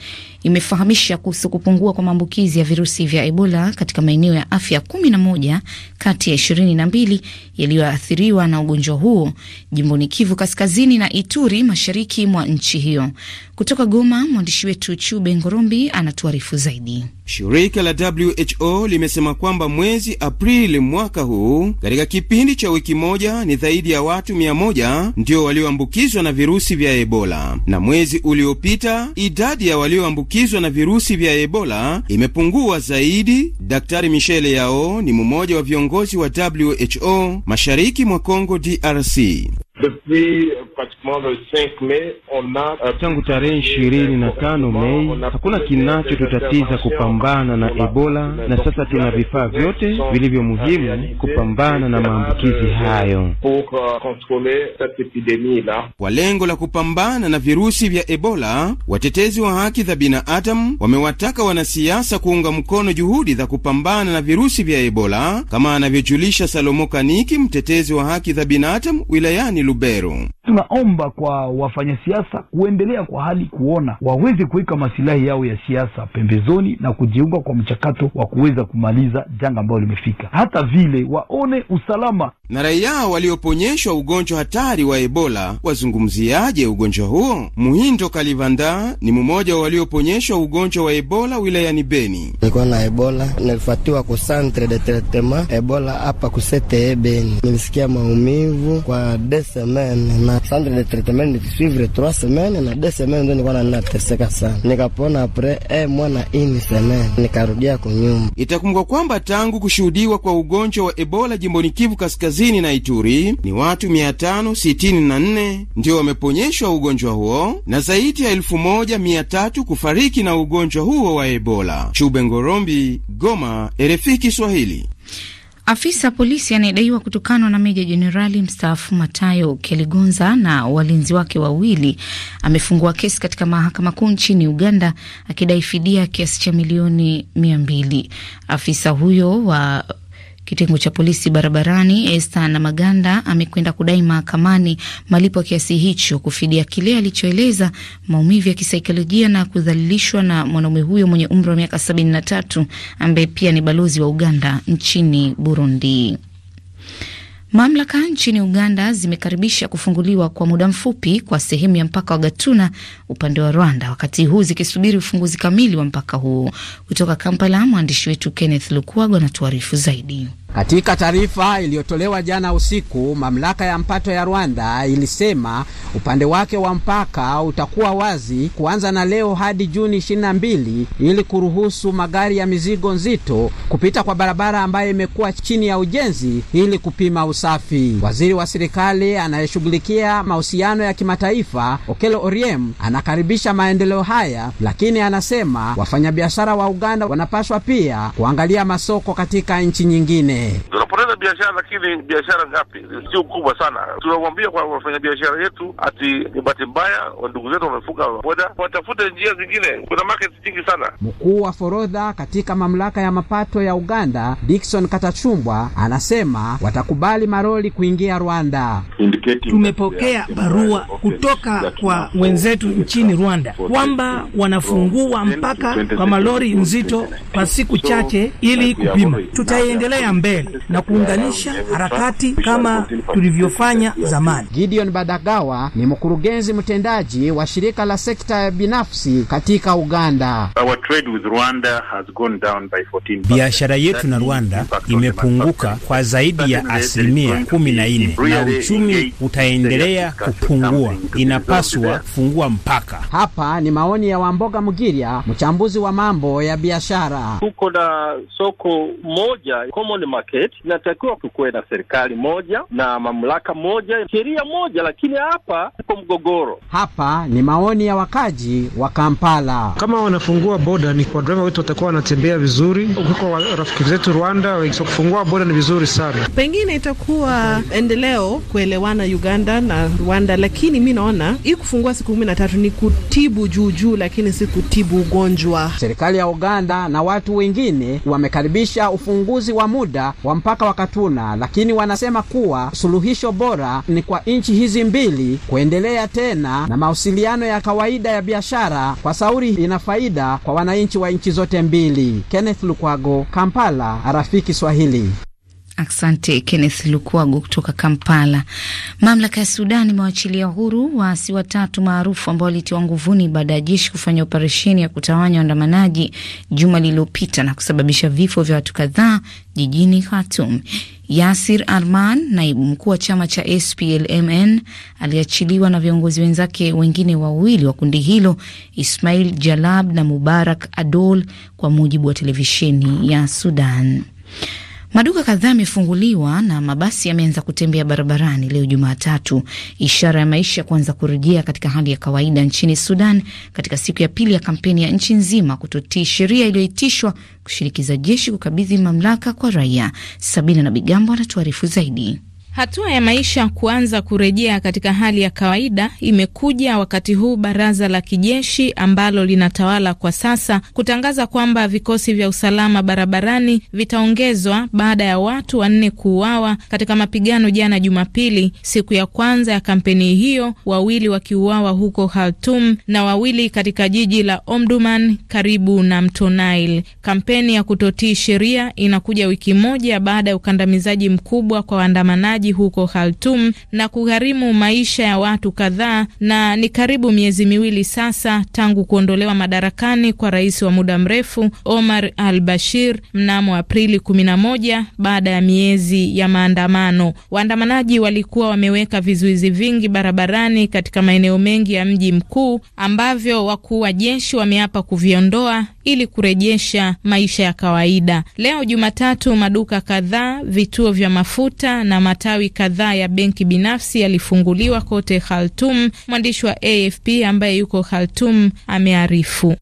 imefahamisha kuhusu kupungua kwa maambukizi ya virusi vya Ebola katika maeneo ya afya 11 kati ya 22 yaliyoathiriwa na ugonjwa huo jimboni Kivu Kaskazini na Ituri, mashariki mwa nchi hiyo. Kutoka Goma, mwandishi wetu Chube Ngorombi anatuarifu zaidi. Shirika la WHO limesema kwamba mwezi Aprili mwaka huu, katika kipindi cha wiki moja, ni zaidi ya watu 100 ndio walioambukizwa na virusi vya Ebola, na mwezi uliopita idadi ya walioambukizwa kuambukizwa na virusi vya Ebola imepungua zaidi. Daktari Michele Yao ni mmoja wa viongozi wa WHO mashariki mwa congo DRC. Euh, Tangu tarehe ishirini na tano Mei hakuna tutatiza kupambana na Ebola, na sasa tuna vifaa vyote vilivyo muhimu kupambana na maambukizi euh, hayo euh, kwa lengo la kupambana na virusi vya Ebola. Watetezi wa haki za binadamu wamewataka wanasiasa kuunga mkono juhudi za kupambana na virusi vya Ebola, kama anavyojulisha Salomo Kaniki, mtetezi wa haki za binadamu wilayani Lubero. Tunaomba kuomba kwa wafanyasiasa kuendelea kwa hali kuona waweze kuweka masilahi yao ya siasa pembezoni na kujiunga kwa mchakato wa kuweza kumaliza janga ambayo limefika, hata vile waone usalama. Na raia walioponyeshwa ugonjwa hatari wa Ebola wazungumziaje ugonjwa huo? Muhindo Kalivanda ni mmoja wa walioponyeshwa ugonjwa wa Ebola wilayani Beni. Nilikuwa na Ebola, nilifuatiwa ku centre de traitement Ebola hapa kusete Beni, nilisikia maumivu kwa desemene na centre de itakumbuka nilisuivre 3 semaine na 2 semaine sana, nikapona mwana ini semaine nikarudia Itakumbukwa kwamba tangu kushuhudiwa kwa ugonjwa wa Ebola jimboni Kivu Kaskazini na Ituri ni watu 564 ndio wameponyeshwa ugonjwa huo na zaidi ya 1300 kufariki na ugonjwa huo wa Ebola. Chube Ngorombi, Goma, RFI Kiswahili. Afisa polisi anayedaiwa kutokana na meja jenerali mstaafu Matayo Keligonza na walinzi wake wawili amefungua kesi katika mahakama kuu nchini Uganda akidai fidia kiasi cha milioni mia mbili. Afisa huyo wa Kitengo cha polisi barabarani Esta na Maganda amekwenda kudai mahakamani malipo ya kiasi hicho kufidia kile alichoeleza maumivu ya kisaikolojia na kudhalilishwa na mwanaume huyo mwenye umri wa miaka tatu ambaye pia ni balozi wa Uganda nchini Burundi. Mamlaka nchini Uganda zimekaribisha kufunguliwa kwa muda mfupi kwa sehemu ya mpaka wa Gatuna upande wa Rwanda, wakati huu zikisubiri ufunguzi kamili wa mpaka huo. Kutoka Kampala, mwandishi wetu Kenneth Lukwago anatuarifu zaidi. Katika taarifa iliyotolewa jana usiku, mamlaka ya mpato ya Rwanda ilisema upande wake wa mpaka utakuwa wazi kuanza na leo hadi Juni 22 ili kuruhusu magari ya mizigo nzito kupita kwa barabara ambayo imekuwa chini ya ujenzi ili kupima usafi. Waziri wa serikali anayeshughulikia mahusiano ya kimataifa okelo oriem anakaribisha maendeleo haya, lakini anasema wafanyabiashara wa Uganda wanapaswa pia kuangalia masoko katika nchi nyingine. Tunapoteza biashara, lakini biashara ngapi? Sio kubwa sana. Tunamwambia kwa biashara yetu ati ni bahati mbaya, wandugu zetu wamefuga boda, watafute njia zingine, kuna market nyingi sana. Mkuu wa forodha katika mamlaka ya mapato ya Uganda Dickson Katachumbwa anasema watakubali maroli kuingia Rwanda. Tumepokea barua kutoka kwa wenzetu nchini Rwanda kwamba wanafungua mpaka kwa malori nzito kwa siku chache ili kupima. Tutaiendelea mbele mbele na kuunganisha harakati kama tulivyofanya zamani. Gideon Badagawa ni mkurugenzi mtendaji wa shirika la sekta ya binafsi katika Uganda. Biashara yetu na Rwanda imepunguka kwa zaidi ya asilimia kumi na nne na uchumi utaendelea kupungua. Inapaswa kufungua mpaka hapa. Ni maoni ya Wamboga Mugiria, mchambuzi wa mambo ya biashara. Tuko na soko moja common supermarket, inatakiwa tukuwe na serikali moja na mamlaka moja, sheria moja, lakini hapa uko mgogoro. Hapa ni maoni ya wakaji wa Kampala. Kama wanafungua boda, ni kwa draiva wetu watakuwa wanatembea vizuri Kwa rafiki zetu Rwanda. So kufungua boda ni vizuri sana, pengine itakuwa endeleo kuelewana Uganda na Rwanda, lakini mi naona hii kufungua siku kumi na tatu ni kutibu juujuu, lakini si kutibu ugonjwa. Serikali ya Uganda na watu wengine wamekaribisha ufunguzi wa muda wa mpaka wa Katuna, lakini wanasema kuwa suluhisho bora ni kwa nchi hizi mbili kuendelea tena na mawasiliano ya kawaida ya biashara, kwa sauri ina faida kwa wananchi wa nchi zote mbili. Kenneth Lukwago, Kampala, Arafiki Swahili. Asante Kenneth Lukwago kutoka Kampala. Mamlaka ya Sudan imewachilia huru waasi watatu maarufu ambao walitiwa nguvuni baada ya jeshi kufanya operesheni ya kutawanya waandamanaji juma lililopita na kusababisha vifo vya watu kadhaa jijini Khartoum. Yasir Arman, naibu mkuu wa chama cha SPLMN, aliachiliwa na viongozi wenzake wengine wawili wa kundi hilo, Ismail Jalab na Mubarak Adol, kwa mujibu wa televisheni ya Sudan. Maduka kadhaa yamefunguliwa na mabasi yameanza kutembea barabarani leo Jumatatu, ishara ya maisha kuanza kurejea katika hali ya kawaida nchini Sudan katika siku ya pili ya kampeni ya nchi nzima kutotii sheria iliyoitishwa kushinikiza jeshi kukabidhi mamlaka kwa raia. Sabina na Bigambo anatuarifu zaidi. Hatua ya maisha kuanza kurejea katika hali ya kawaida imekuja wakati huu baraza la kijeshi ambalo linatawala kwa sasa kutangaza kwamba vikosi vya usalama barabarani vitaongezwa baada ya watu wanne kuuawa katika mapigano jana Jumapili, siku ya kwanza ya kampeni hiyo, wawili wakiuawa huko Khartoum na wawili katika jiji la Omdurman karibu na mto Nile. Kampeni ya kutotii sheria inakuja wiki moja baada ya ukandamizaji mkubwa kwa waandamanaji mauaji huko Khartoum na kugharimu maisha ya watu kadhaa, na ni karibu miezi miwili sasa tangu kuondolewa madarakani kwa rais wa muda mrefu Omar al-Bashir mnamo Aprili 11 baada ya miezi ya maandamano. Waandamanaji walikuwa wameweka vizuizi vingi barabarani katika maeneo mengi ya mji mkuu ambavyo wakuu wa jeshi wameapa kuviondoa ili kurejesha maisha ya kawaida. Leo Jumatatu, maduka kadhaa, vituo vya mafuta na mata matawi kadhaa ya benki binafsi yalifunguliwa kote Khartoum, mwandishi wa AFP ambaye yuko Khartoum amearifu.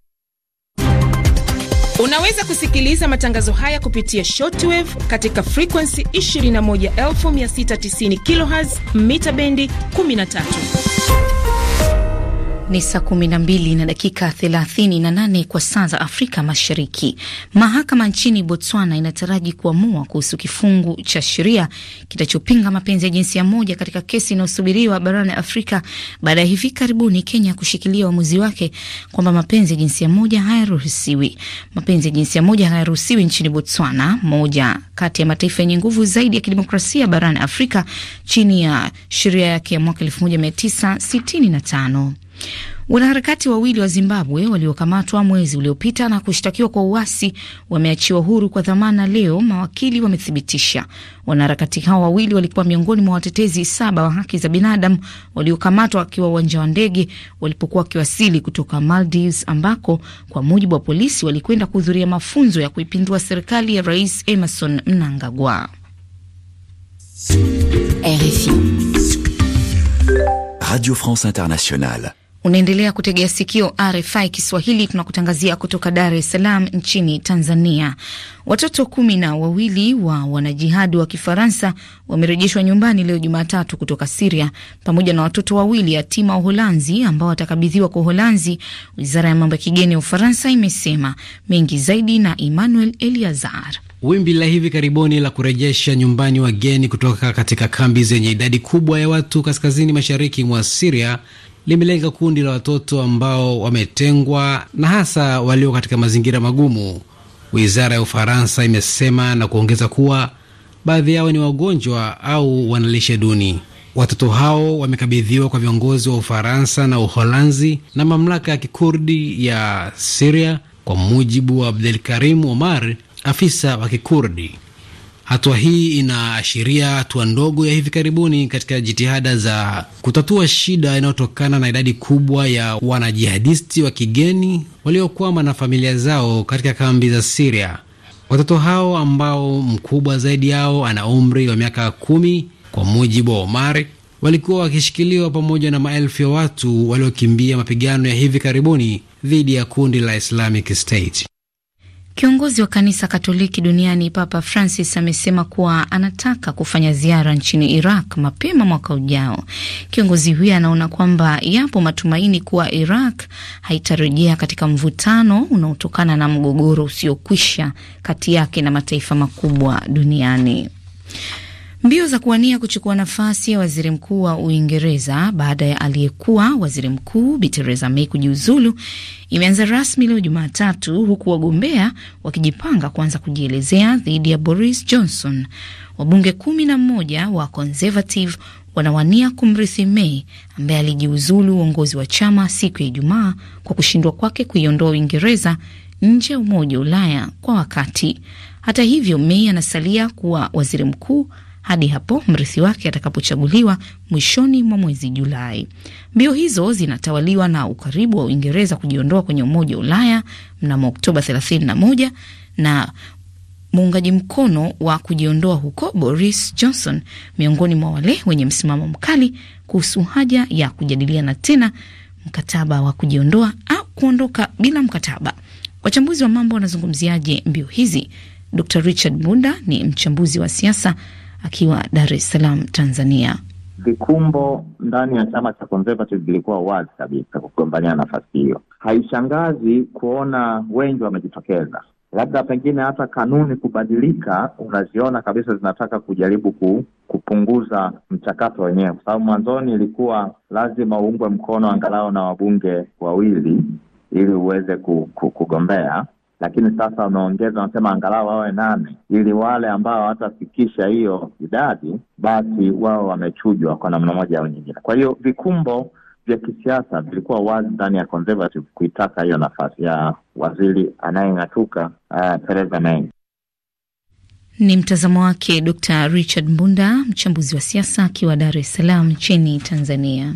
Unaweza kusikiliza matangazo haya kupitia shortwave katika frequency 21690 kHz mita bendi 13. Ni saa 12 na dakika 38 na kwa saa za Afrika Mashariki. Mahakama nchini Botswana inataraji kuamua kuhusu kifungu cha sheria kitachopinga mapenzi ya jinsia moja katika kesi inayosubiriwa barani Afrika baada ya hivi karibuni Kenya kushikilia uamuzi wake kwamba mapenzi ya jinsia moja hayaruhusiwi. Mapenzi ya jinsia moja hayaruhusiwi nchini Botswana, moja kati ya mataifa yenye nguvu zaidi ya kidemokrasia barani Afrika, chini ya sheria yake ya mwaka 1965. Wanaharakati wawili wa Zimbabwe waliokamatwa mwezi uliopita na kushtakiwa kwa uasi wameachiwa huru kwa dhamana leo, mawakili wamethibitisha. Wanaharakati hao wawili walikuwa miongoni mwa watetezi saba wa haki za binadamu waliokamatwa wakiwa uwanja wa ndege walipokuwa wakiwasili kutoka Maldives, ambako kwa mujibu wa polisi walikwenda kuhudhuria mafunzo ya kuipindua serikali ya Rais Emerson Mnangagwa. RFI Radio France Internationale Unaendelea kutegea sikio RFI Kiswahili, tunakutangazia kutoka Dar es Salaam nchini Tanzania. Watoto kumi na wawili wa wanajihadi wa Kifaransa wamerejeshwa nyumbani leo Jumatatu kutoka Siria, pamoja na watoto wawili yatima wa Uholanzi ambao watakabidhiwa kwa Uholanzi, wizara ya mambo ya kigeni ya Ufaransa imesema. Mengi zaidi na Emmanuel Eliazar. Wimbi la hivi karibuni la kurejesha nyumbani wageni kutoka katika kambi zenye idadi kubwa ya watu kaskazini mashariki mwa Siria limelenga kundi la watoto ambao wametengwa na hasa walio katika mazingira magumu, wizara ya Ufaransa imesema na kuongeza kuwa baadhi yao ni wagonjwa au wanalishe duni. Watoto hao wamekabidhiwa kwa viongozi wa Ufaransa na Uholanzi na mamlaka ya kikurdi ya Siria, kwa mujibu wa abdul Karim Omar, afisa wa kikurdi. Hatua hii inaashiria hatua ndogo ya hivi karibuni katika jitihada za kutatua shida inayotokana na idadi kubwa ya wanajihadisti wa kigeni waliokwama na familia zao katika kambi za Siria. Watoto hao ambao mkubwa zaidi yao ana umri wa miaka kumi, kwa mujibu wa Omari, walikuwa wakishikiliwa pamoja na maelfu ya watu waliokimbia mapigano ya hivi karibuni dhidi ya kundi la Islamic State. Kiongozi wa kanisa Katoliki duniani Papa Francis amesema kuwa anataka kufanya ziara nchini Iraq mapema mwaka ujao. Kiongozi huyo anaona kwamba yapo matumaini kuwa Iraq haitarejea katika mvutano unaotokana na mgogoro usiokwisha kati yake na mataifa makubwa duniani. Mbio za kuwania kuchukua nafasi ya waziri mkuu wa Uingereza baada ya aliyekuwa waziri mkuu Bi Theresa May kujiuzulu imeanza rasmi leo Jumatatu, huku wagombea wakijipanga kuanza kujielezea dhidi ya Boris Johnson. Wabunge kumi na mmoja wa Conservative wanawania kumrithi May ambaye alijiuzulu uongozi wa chama siku ya Ijumaa kwa kushindwa kwake kuiondoa Uingereza nje ya Umoja wa Ulaya kwa wakati. Hata hivyo, May anasalia kuwa waziri mkuu hadi hapo mrithi wake atakapochaguliwa mwishoni mwa mwezi Julai. Mbio hizo zinatawaliwa na ukaribu wa Uingereza kujiondoa kwenye Umoja wa Ulaya mnamo Oktoba 31 na muungaji mkono wa kujiondoa huko Boris Johnson miongoni mwa wale wenye msimamo mkali kuhusu haja ya kujadiliana tena mkataba wa kujiondoa au kuondoka bila mkataba. Wachambuzi wa mambo wanazungumziaje mbio hizi? Dr Richard Munda ni mchambuzi wa siasa akiwa Dar es Salaam, Tanzania. Vikumbo ndani ya chama cha Conservative vilikuwa wazi kabisa kugombania nafasi hiyo. Haishangazi kuona wengi wamejitokeza, labda pengine hata kanuni kubadilika, unaziona kabisa zinataka kujaribu ku, kupunguza mchakato wenyewe, kwa sababu mwanzoni ilikuwa lazima uungwe mkono angalau na wabunge wawili ili uweze ku, ku, kugombea lakini sasa wameongeza, wanasema angalau wawe nane, ili wale ambao hawatafikisha hiyo idadi basi wao wamechujwa kwa namna moja au nyingine. Kwa hiyo vikumbo vya kisiasa vilikuwa wazi ndani ya Conservative kuitaka hiyo nafasi ya waziri anayeng'atuka uh, Theresa May. Ni mtazamo wake Dr Richard Mbunda, mchambuzi wa siasa akiwa Dar es Salaam nchini Tanzania.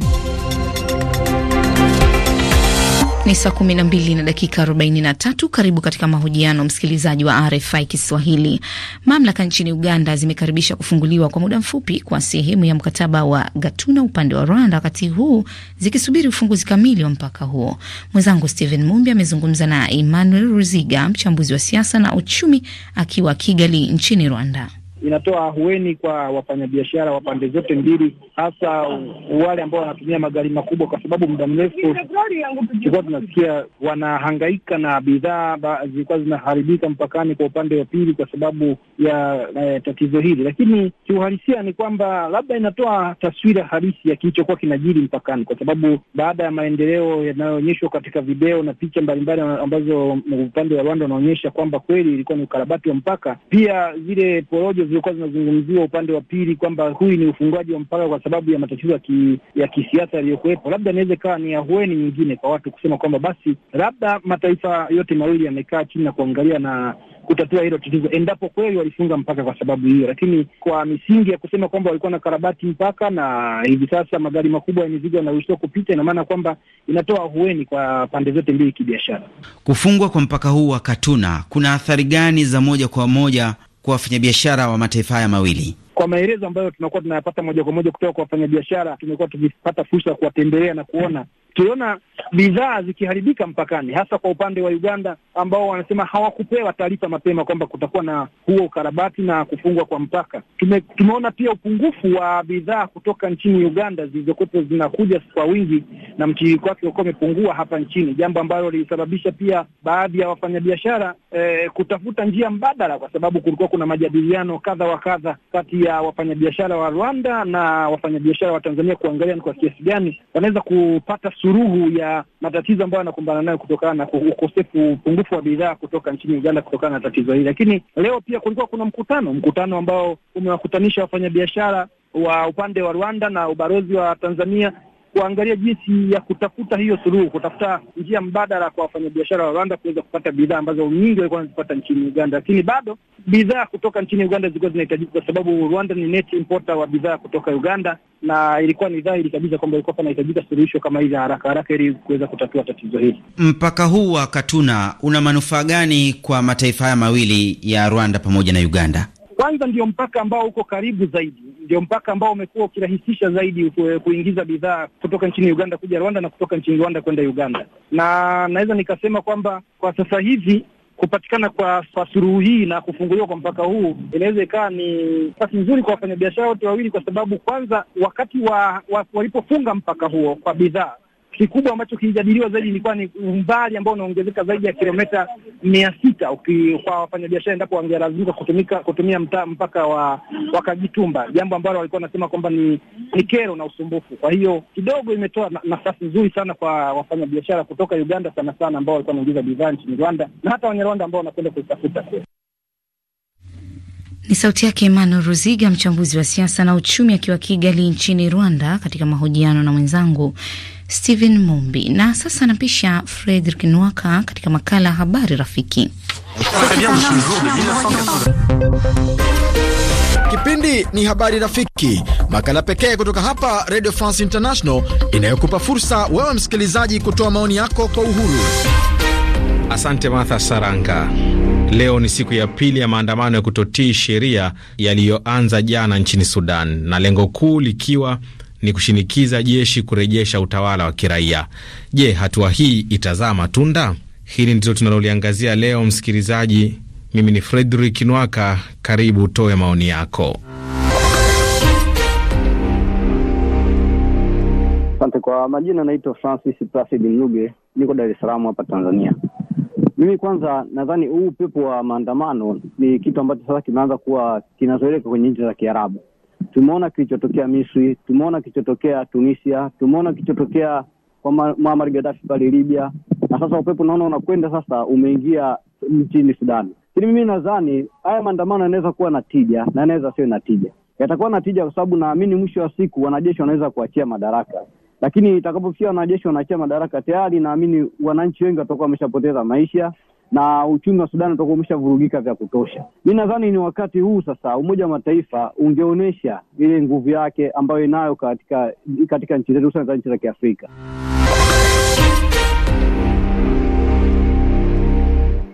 Ni saa kumi na dakika 43. Karibu katika mahojiano, msikilizaji wa RFI Kiswahili. Mamlaka nchini Uganda zimekaribisha kufunguliwa kwa muda mfupi kwa sehemu ya mkataba wa Gatuna upande wa Rwanda, wakati huu zikisubiri ufunguzi kamili wa mpaka huo. Mwenzangu Stephen Mumbi amezungumza na Emmanuel Ruziga, mchambuzi wa siasa na uchumi, akiwa Kigali nchini Rwanda inatoa ahueni kwa wafanyabiashara wa pande zote mbili, hasa wale ambao wanatumia magari makubwa, kwa sababu muda mrefu tulikuwa tunasikia wanahangaika na bidhaa zilikuwa zinaharibika mpakani kwa upande wa pili kwa sababu ya eh, tatizo hili. Lakini kiuhalisia ni kwamba labda inatoa taswira halisi ya kilichokuwa kinajiri mpakani, kwa sababu baada ya maendeleo yanayoonyeshwa katika video na picha mbalimbali ambazo upande wa Rwanda unaonyesha kwamba kweli ilikuwa ni ukarabati wa mpaka, pia zile porojo zilizokuwa zinazungumziwa upande wa pili kwamba huyu ni ufungaji wa mpaka kwa sababu ya matatizo ya, ki, ya kisiasa yaliyokuwepo, labda inaweza ikawa ni ahueni nyingine kwa watu kusema kwamba basi labda mataifa yote mawili yamekaa chini na kuangalia na kutatua hilo tatizo, endapo kweli walifunga mpaka kwa sababu hiyo. Lakini kwa misingi ya kusema kwamba walikuwa na karabati mpaka na hivi sasa magari makubwa ya mizigo yanaruhusiwa kupita, ina maana kwamba inatoa ahueni kwa pande zote mbili kibiashara. Kufungwa kwa mpaka huu wa Katuna kuna athari gani za moja kwa moja kwa wafanyabiashara wa mataifa haya mawili? Kwa maelezo ambayo tunakuwa tunayapata moja kwa moja kutoka kwa wafanyabiashara, tumekuwa tukipata fursa ya kuwatembelea na kuona tuliona bidhaa zikiharibika mpakani, hasa kwa upande wa Uganda ambao wanasema hawakupewa taarifa mapema kwamba kutakuwa na huo ukarabati na kufungwa kwa mpaka. Tume, tumeona pia upungufu wa bidhaa kutoka nchini Uganda zilizokuwepo zinakuja kwa wingi na mtiririko wake ulikuwa umepungua hapa nchini, jambo ambalo lilisababisha pia baadhi ya wafanyabiashara eh, kutafuta njia mbadala, kwa sababu kulikuwa kuna majadiliano kadha wa kadha kati ya wafanyabiashara wa Rwanda na wafanyabiashara wa Tanzania kuangalia ni kwa kiasi gani wanaweza kupata su suruhu ya matatizo ambayo anakumbana nayo kutokana na ukosefu, upungufu wa bidhaa kutoka nchini Uganda kutokana na tatizo hili. Lakini leo pia kulikuwa kuna mkutano, mkutano ambao umewakutanisha wafanyabiashara wa upande wa Rwanda na ubalozi wa Tanzania kuangalia jinsi ya kutafuta hiyo suluhu, kutafuta njia mbadala kwa wafanyabiashara wa Rwanda kuweza kupata bidhaa ambazo nyingi walikuwa wanazipata nchini Uganda, lakini bado bidhaa kutoka nchini Uganda zilikuwa zinahitajika, kwa sababu Rwanda ni net importer wa bidhaa kutoka Uganda, na ilikuwa ni dhahiri kabisa kwamba ilikuwa panahitajika suluhisho kama hizi haraka haraka ili kuweza kutatua tatizo hili. Mpaka huu wa Katuna una manufaa gani kwa mataifa haya mawili ya Rwanda pamoja na Uganda? Kwanza ndio mpaka ambao uko karibu zaidi, ndio mpaka ambao umekuwa ukirahisisha zaidi kuingiza bidhaa kutoka nchini Uganda kuja Rwanda na kutoka nchini Rwanda kwenda Uganda, na naweza nikasema kwamba kwa sasa hivi kupatikana kwa, fasuruhu suruhu hii na kufunguliwa kwa mpaka huu inaweza ikawa ni nafasi nzuri kwa wafanyabiashara wote wawili, kwa sababu kwanza wakati wa, wa walipofunga mpaka huo kwa bidhaa kikubwa ambacho kilijadiliwa zaidi ilikuwa ni umbali ambao unaongezeka zaidi ya kilometa mia sita kwa wafanyabiashara endapo wangelazimika kutumika kutumia mta, mpaka wa wa jambo ambalo walikuwa wanasema kwamba ni, ni kero na usumbufu. Kwa hiyo kidogo imetoa na, nafasi nzuri sana kwa wafanyabiashara kutoka Uganda sana sana ambao walikuwa wanaingiza bidhaa nchini Rwanda na hata Wanyarwanda ambao wanakwenda kuitafuta Ni sauti yake Emmanuel Ruziga, mchambuzi wa siasa na uchumi, akiwa Kigali nchini Rwanda, katika mahojiano na mwenzangu Stephen Mumbi. Na sasa anapisha Fredrick Nwaka katika makala Habari Rafiki. Kipindi ni Habari Rafiki, makala pekee kutoka hapa Radio France International inayokupa fursa wewe msikilizaji kutoa maoni yako kwa uhuru. Asante Martha Saranga. Leo ni siku ya pili ya maandamano ya kutotii sheria yaliyoanza jana nchini Sudan, na lengo kuu likiwa ni kushinikiza jeshi kurejesha utawala wa kiraia. Je, hatua hii itazaa matunda? Hili ndilo tunaloliangazia leo, msikilizaji. Mimi ni Fredrik Nwaka, karibu utoe maoni yako. Asante kwa majina, naitwa Francis Placid Mnuge, niko Dar es Salaam hapa Tanzania. Mimi kwanza nadhani huu upepo wa maandamano ni kitu ambacho sasa kimeanza kuwa kinazoeleka kwenye nchi za Kiarabu. Tumeona kilichotokea Misri, tumeona kilichotokea Tunisia, tumeona kilichotokea kwa Muammar Gaddafi pale Libya, na sasa upepo unaona unakwenda sasa, umeingia nchini Sudani. Lakini mimi nadhani haya maandamano yanaweza kuwa na tija na yanaweza sio na tija, yatakuwa na tija kwa sababu naamini mwisho wa siku wanajeshi wanaweza kuachia madaraka, lakini itakapofikia wanajeshi wanaachia madaraka, tayari naamini wananchi wengi watakuwa wameshapoteza maisha na uchumi wa Sudani utakuwa umeshavurugika vya kutosha. Mi nadhani ni wakati huu sasa Umoja wa Mataifa ungeonyesha ile nguvu yake ambayo inayo katika katika nchi zetu, hususan za nchi za Kiafrika.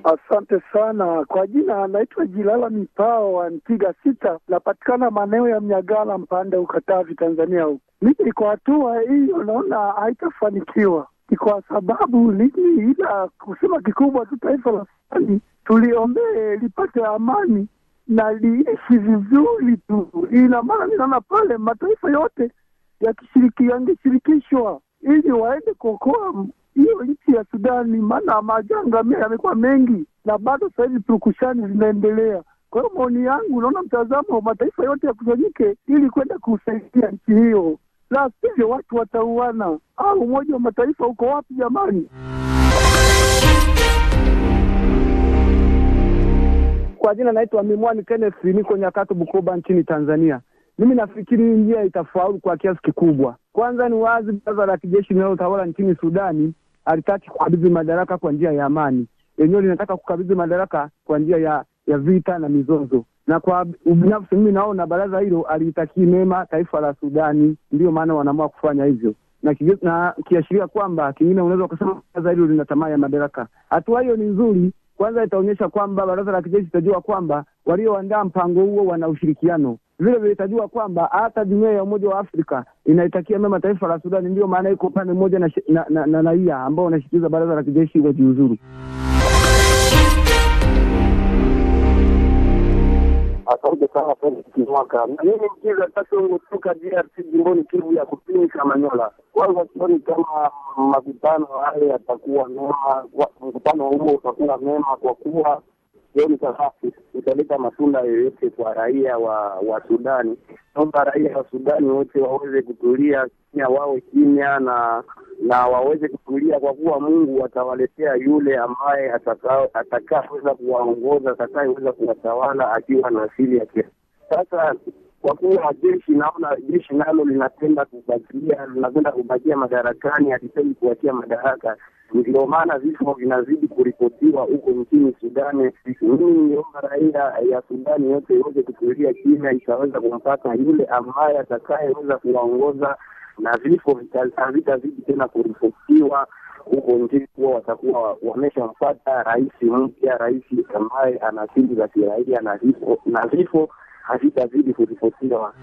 Asante sana kwa jina, anaitwa Jilala Mipao wa Ntiga Sita, napatikana maeneo ya Mnyagala, mpande Ukatavi, Tanzania. Huku mimi kwa hatua hii unaona haitafanikiwa ni kwa sababu lini, ila kusema kikubwa tu taifa la Sudani tuliombee lipate amani na liishi vizuri tu. Ina maana ninaona pale mataifa yote yangeshirikishwa ili waende kuokoa hiyo nchi ya Sudani, maana majanga yamekuwa mengi na bado sahizi turukushani zinaendelea. Kwa hiyo maoni yangu, naona mtazamo wa mataifa yote yakusanyike ili kwenda kusaidia nchi hiyo la sivyo watu watauana. au ah, Umoja wa Mataifa uko wapi jamani? Kwa jina naitwa Mimwani Kenneth, niko Nyakato, Bukoba nchini Tanzania. Mimi nafikiri hii njia itafaulu kwa kiasi kikubwa. Kwanza ni wazi baraza la kijeshi linalotawala nchini Sudani alitaki kukabidhi madaraka kwa njia ya amani, yenyewe linataka kukabidhi madaraka kwa njia ya, ya vita na mizozo na kwa ubinafsi mimi naona baraza hilo aliitakia mema taifa la Sudani, ndiyo maana wanaamua kufanya hivyo na, na kiashiria kwamba kingine unaweza ukasema baraza hilo lina tamaa ya madaraka. Hatua hiyo ni nzuri, kwanza itaonyesha kwamba baraza la kijeshi itajua kwamba walioandaa mpango huo wana ushirikiano. Vile vile itajua kwamba hata jumuiya ya Umoja wa Afrika inaitakia mema taifa la Sudani, ndiyo maana iko upande mmoja na raia na, na, na, na, ambao wanashikiliza baraza la kijeshi wajiuzuru. Asante sana Mwaka. Na mimi mkiza tatongo toka DRC jimboni Kivu ya Kusini, Kamanyola. Kwanza sioni kama mavitano haya yatakuwa mema, mkutano huo utakuwa mema kwa kuwa leo utaleta matunda yoyote kwa raia wa wa Sudani. Naomba raia wa Sudani wote waweze kutulia kimya, wawe kimya na na waweze kutulia, kwa kuwa Mungu atawaletea yule ambaye atakayeweza kuwaongoza, atakayeweza kuwatawala akiwa na asili ya sasa kwa kuwa jeshi, naona jeshi nalo linapenda kubakia, linapenda kubakia madarakani, halipendi kuachia madaraka. Ndio maana vifo vinazidi kuripotiwa huko nchini Sudani. Mimi niomba raia ya Sudani yote iweze kutulia kimya, itaweza kumpata yule ambaye atakayeweza kuwaongoza na vifo havitazidi tena kuripotiwa huko nchini, kuwa watakuwa wameshampata rais mpya, rais ambaye ana siri za kiraia na vifo na vifo havitazidi kuripotiwa.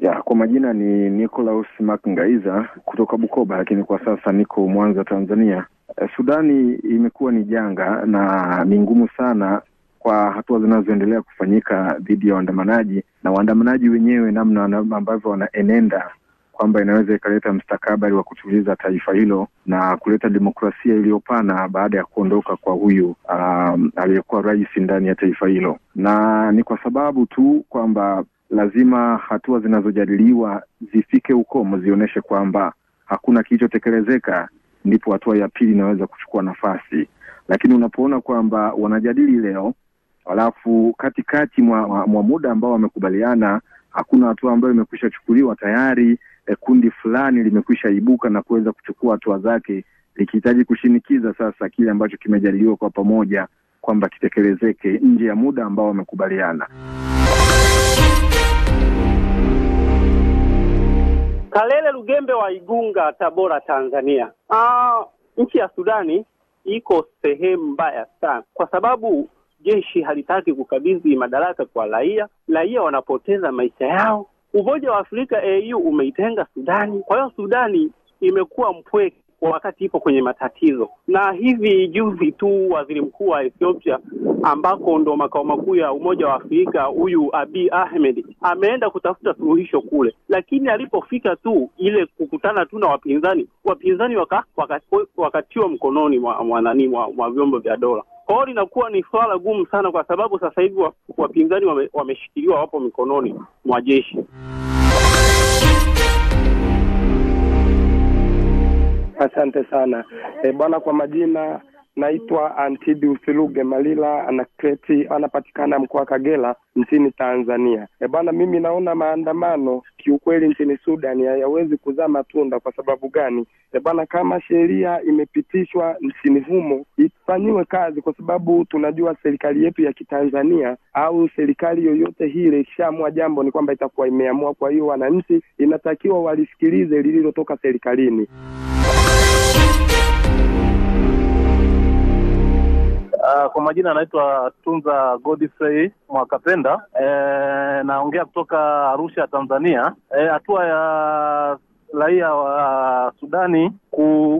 Ya, kwa majina ni Nicolaus Mark Ngaiza kutoka Bukoba, lakini kwa sasa niko Mwanza, Tanzania. Eh, Sudani imekuwa ni janga na ni ngumu sana kwa hatua zinazoendelea kufanyika dhidi ya waandamanaji na waandamanaji wenyewe, namna ambavyo wanaenenda kwamba inaweza ikaleta mstakabali wa kutuliza taifa hilo na kuleta demokrasia iliyopana baada ya kuondoka kwa huyu um, aliyekuwa rais ndani ya taifa hilo, na ni kwa sababu tu kwamba lazima hatua zinazojadiliwa zifike ukomo, zionyeshe kwamba hakuna kilichotekelezeka, ndipo hatua ya pili inaweza kuchukua nafasi. Lakini unapoona kwamba wanajadili leo, alafu katikati mwa, mwa muda ambao wamekubaliana hakuna hatua ambayo imekwisha chukuliwa tayari eh, kundi fulani limekwisha ibuka na kuweza kuchukua hatua zake likihitaji kushinikiza sasa kile ambacho kimejadiliwa kwa pamoja kwamba kitekelezeke nje ya muda ambao wamekubaliana. Kalele Lugembe wa Igunga, Tabora, Tanzania. ah, nchi ya Sudani iko sehemu mbaya sana kwa sababu jeshi halitaki kukabidhi madaraka kwa raia, raia wanapoteza maisha yao Umoja wa Afrika AU umeitenga Sudani, kwa hiyo Sudani imekuwa mpweke kwa wakati ipo kwenye matatizo. Na hivi juzi tu waziri mkuu wa Ethiopia, ambako ndo makao makuu ya Umoja wa Afrika, huyu Abiy Ahmed ameenda kutafuta suluhisho kule, lakini alipofika tu ile kukutana tu na wapinzani, wapinzani wakatiwa waka, waka mkononi mwa nani mwa, mwa vyombo vya dola. Kwa hiyo linakuwa ni swala gumu sana, kwa sababu sasa hivi wapinzani wame, wameshikiliwa, wapo mikononi mwa jeshi. Asante sana e, bwana. Kwa majina Naitwa antidi usiluge Malila, anakreti anapatikana mkoa wa Kagera nchini Tanzania. E bana mimi naona maandamano kiukweli nchini Sudan hayawezi kuzaa matunda. Kwa sababu gani? E bana kama sheria imepitishwa nchini humo ifanyiwe kazi, kwa sababu tunajua serikali yetu ya Kitanzania au serikali yoyote hile ikishaamua jambo ni kwamba itakuwa imeamua. Kwa hiyo wananchi inatakiwa walisikilize lililotoka serikalini. Uh, kwa majina anaitwa Tunza Godfrey Mwakapenda. E, naongea kutoka Arusha, Tanzania. Eh, hatua e, ya raia wa Sudani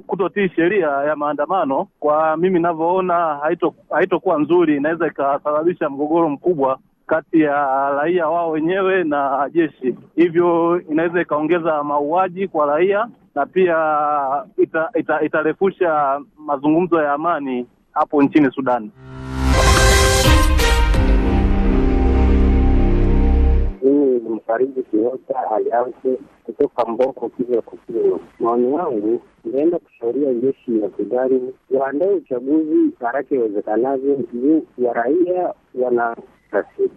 kutotii sheria ya maandamano, kwa mimi inavyoona haitokuwa nzuri, inaweza ikasababisha mgogoro mkubwa kati ya raia wao wenyewe na jeshi, hivyo inaweza ikaongeza mauaji kwa raia na pia itarefusha ita, ita mazungumzo ya amani hapo nchini Sudan. Mimi ni mfariji Kiota Aliansi kutoka Mboko, Kivu Kusini. Maoni yangu inaenda kushauria jeshi ya Sudani waandae uchaguzi haraka iwezekanavyo juu ya raia wana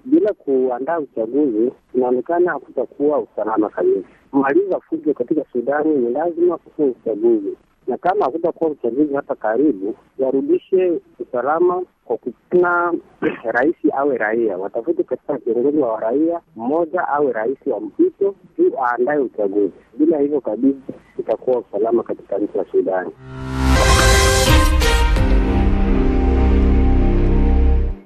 bila kuandaa uchaguzi inaonekana hakutakuwa usalama kabisa. Kumaliza fujo katika Sudani ni lazima kufua uchaguzi na kama hakutakuwa uchaguzi hapa karibu, warudishe usalama kwa kutuna rais awe raia, watafute katika kiongozi wa raia mmoja awe rais wa mpito tu aandaye uchaguzi. Bila hivyo kabisa, itakuwa usalama katika nchi ya Sudani.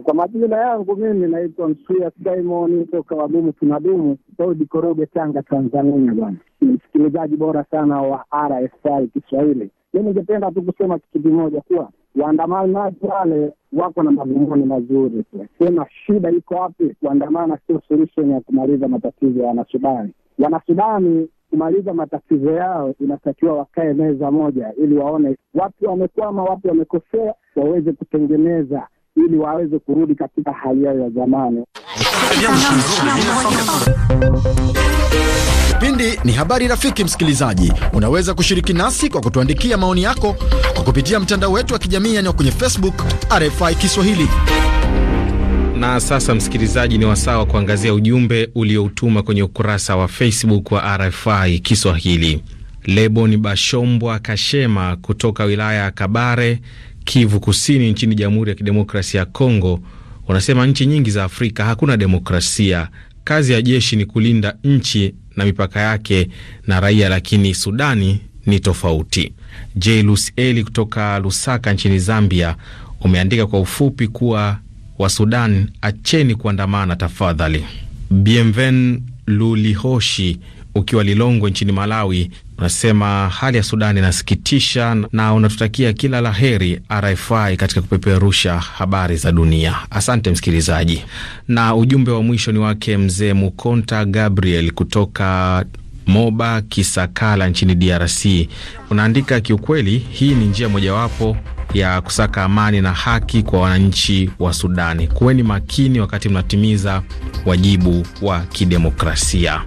Kwa majina yangu mimi naitwa Msuya Simon toka Wadumu Tunadumu, Saudi Koroge, Tanga, Tanzania. Bwana ni msikilizaji bora sana wa RFI Kiswahili. Mi ningependa tu kusema kitu kimoja, kuwa waandamanaji wale wako na madhumuni mazuri tu. Sema shida iko wapi? Kuandamana sio solution ya kumaliza matatizo ya Wanasudani. Wanasudani kumaliza matatizo yao, inatakiwa wakae meza moja, ili waone wapi wamekwama, wapi wamekosea, waweze kutengeneza ili waweze kurudi katika hali yao ya zamani. Kipindi ni habari rafiki. Msikilizaji, unaweza kushiriki nasi kwa kutuandikia maoni yako kwa kupitia mtandao wetu wa kijamii yaani kwenye Facebook RFI Kiswahili. Na sasa msikilizaji, ni wasaa wa kuangazia ujumbe ulioutuma kwenye ukurasa wa Facebook wa RFI Kiswahili. Lebon Bashombwa Kashema kutoka wilaya ya Kabare Kivu Kusini nchini Jamhuri ya Kidemokrasia ya Kongo wanasema nchi nyingi za Afrika hakuna demokrasia, kazi ya jeshi ni kulinda nchi na mipaka yake na raia, lakini Sudani ni tofauti. J eli kutoka Lusaka nchini Zambia umeandika kwa ufupi kuwa wa Sudan, acheni kuandamana tafadhali. Bienven Lulihoshi ukiwa Lilongwe nchini Malawi, unasema hali ya Sudan inasikitisha na unatutakia kila la heri RFI katika kupeperusha habari za dunia. Asante msikilizaji. Na ujumbe wa mwisho ni wake mzee Mukonta Gabriel kutoka Moba Kisakala nchini DRC. Unaandika, kiukweli hii ni njia mojawapo ya kusaka amani na haki kwa wananchi wa Sudani. Kuweni makini wakati mnatimiza wajibu wa kidemokrasia.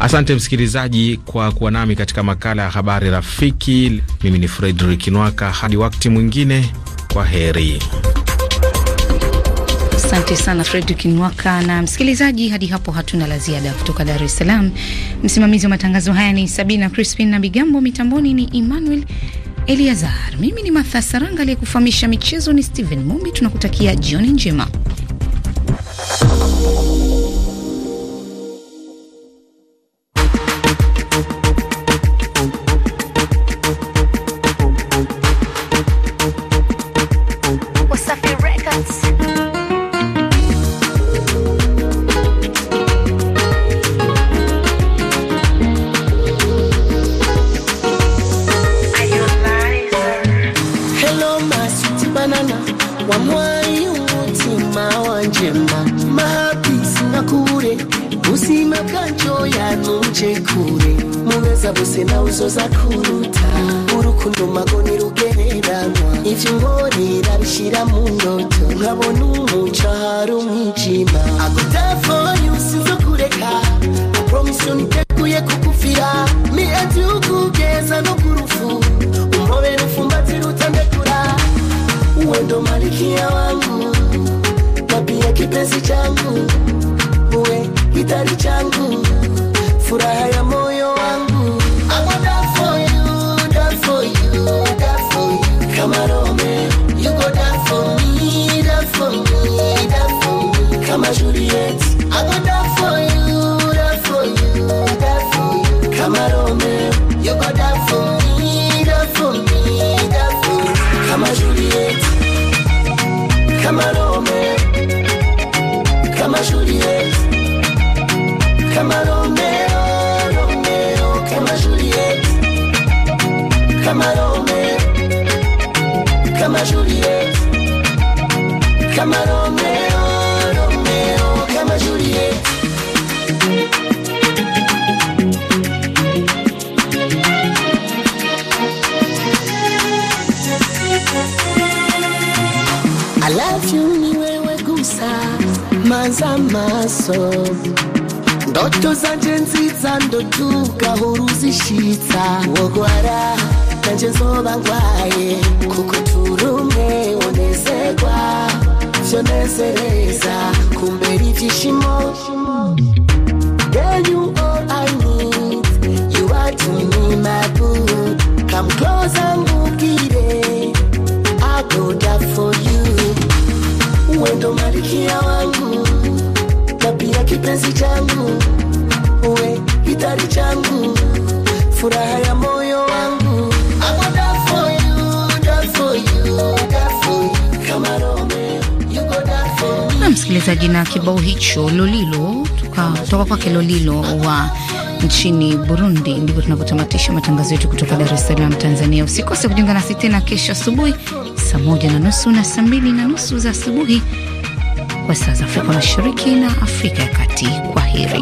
Asante msikilizaji kwa kuwa nami katika makala ya habari rafiki. Mimi ni Fredrik Nwaka, hadi wakati mwingine, kwa heri. Asante sana Fredrik Nwaka. Na msikilizaji, hadi hapo hatuna la ziada kutoka Dar es Salaam. Msimamizi wa matangazo haya ni Sabina Crispin na Bigambo, mitamboni ni Emmanuel Eliazar, mimi ni Martha Saranga, aliyekufahamisha michezo ni Steven Mumbi. Tunakutakia jioni njema. my Juliet. I go die for you, die for you, die for you. Camaro man, you go die for me, die for me, die for you. Come on, Juliet. Come on, Romeo. come on, Juliet. Come on, Romeo, Romeo. come on, Juliet. Come on, Romeo. come on, Juliet. Come Camaro z'amaso ndoto zanje nziza ndotuka wogwara nanje nzoba ngwaye kuko kumbera ivyishimo all I need You are to me my boo Come I for you kipenzi changu, uwe kitari changu, furaha ya moyo wangu. Na msikilizaji, na kibao hicho Lolilo kutoka kwake Lolilo wa nchini Burundi. Ndivyo tunavyotamatisha matangazo yetu kutoka Dar es Salaam, Tanzania. Usikose kujiunga nasi tena kesho asubuhi saa moja na nusu na saa mbili na nusu za asubuhi kwa saa za Afrika Mashariki na Afrika ya Kati. Kwa heri.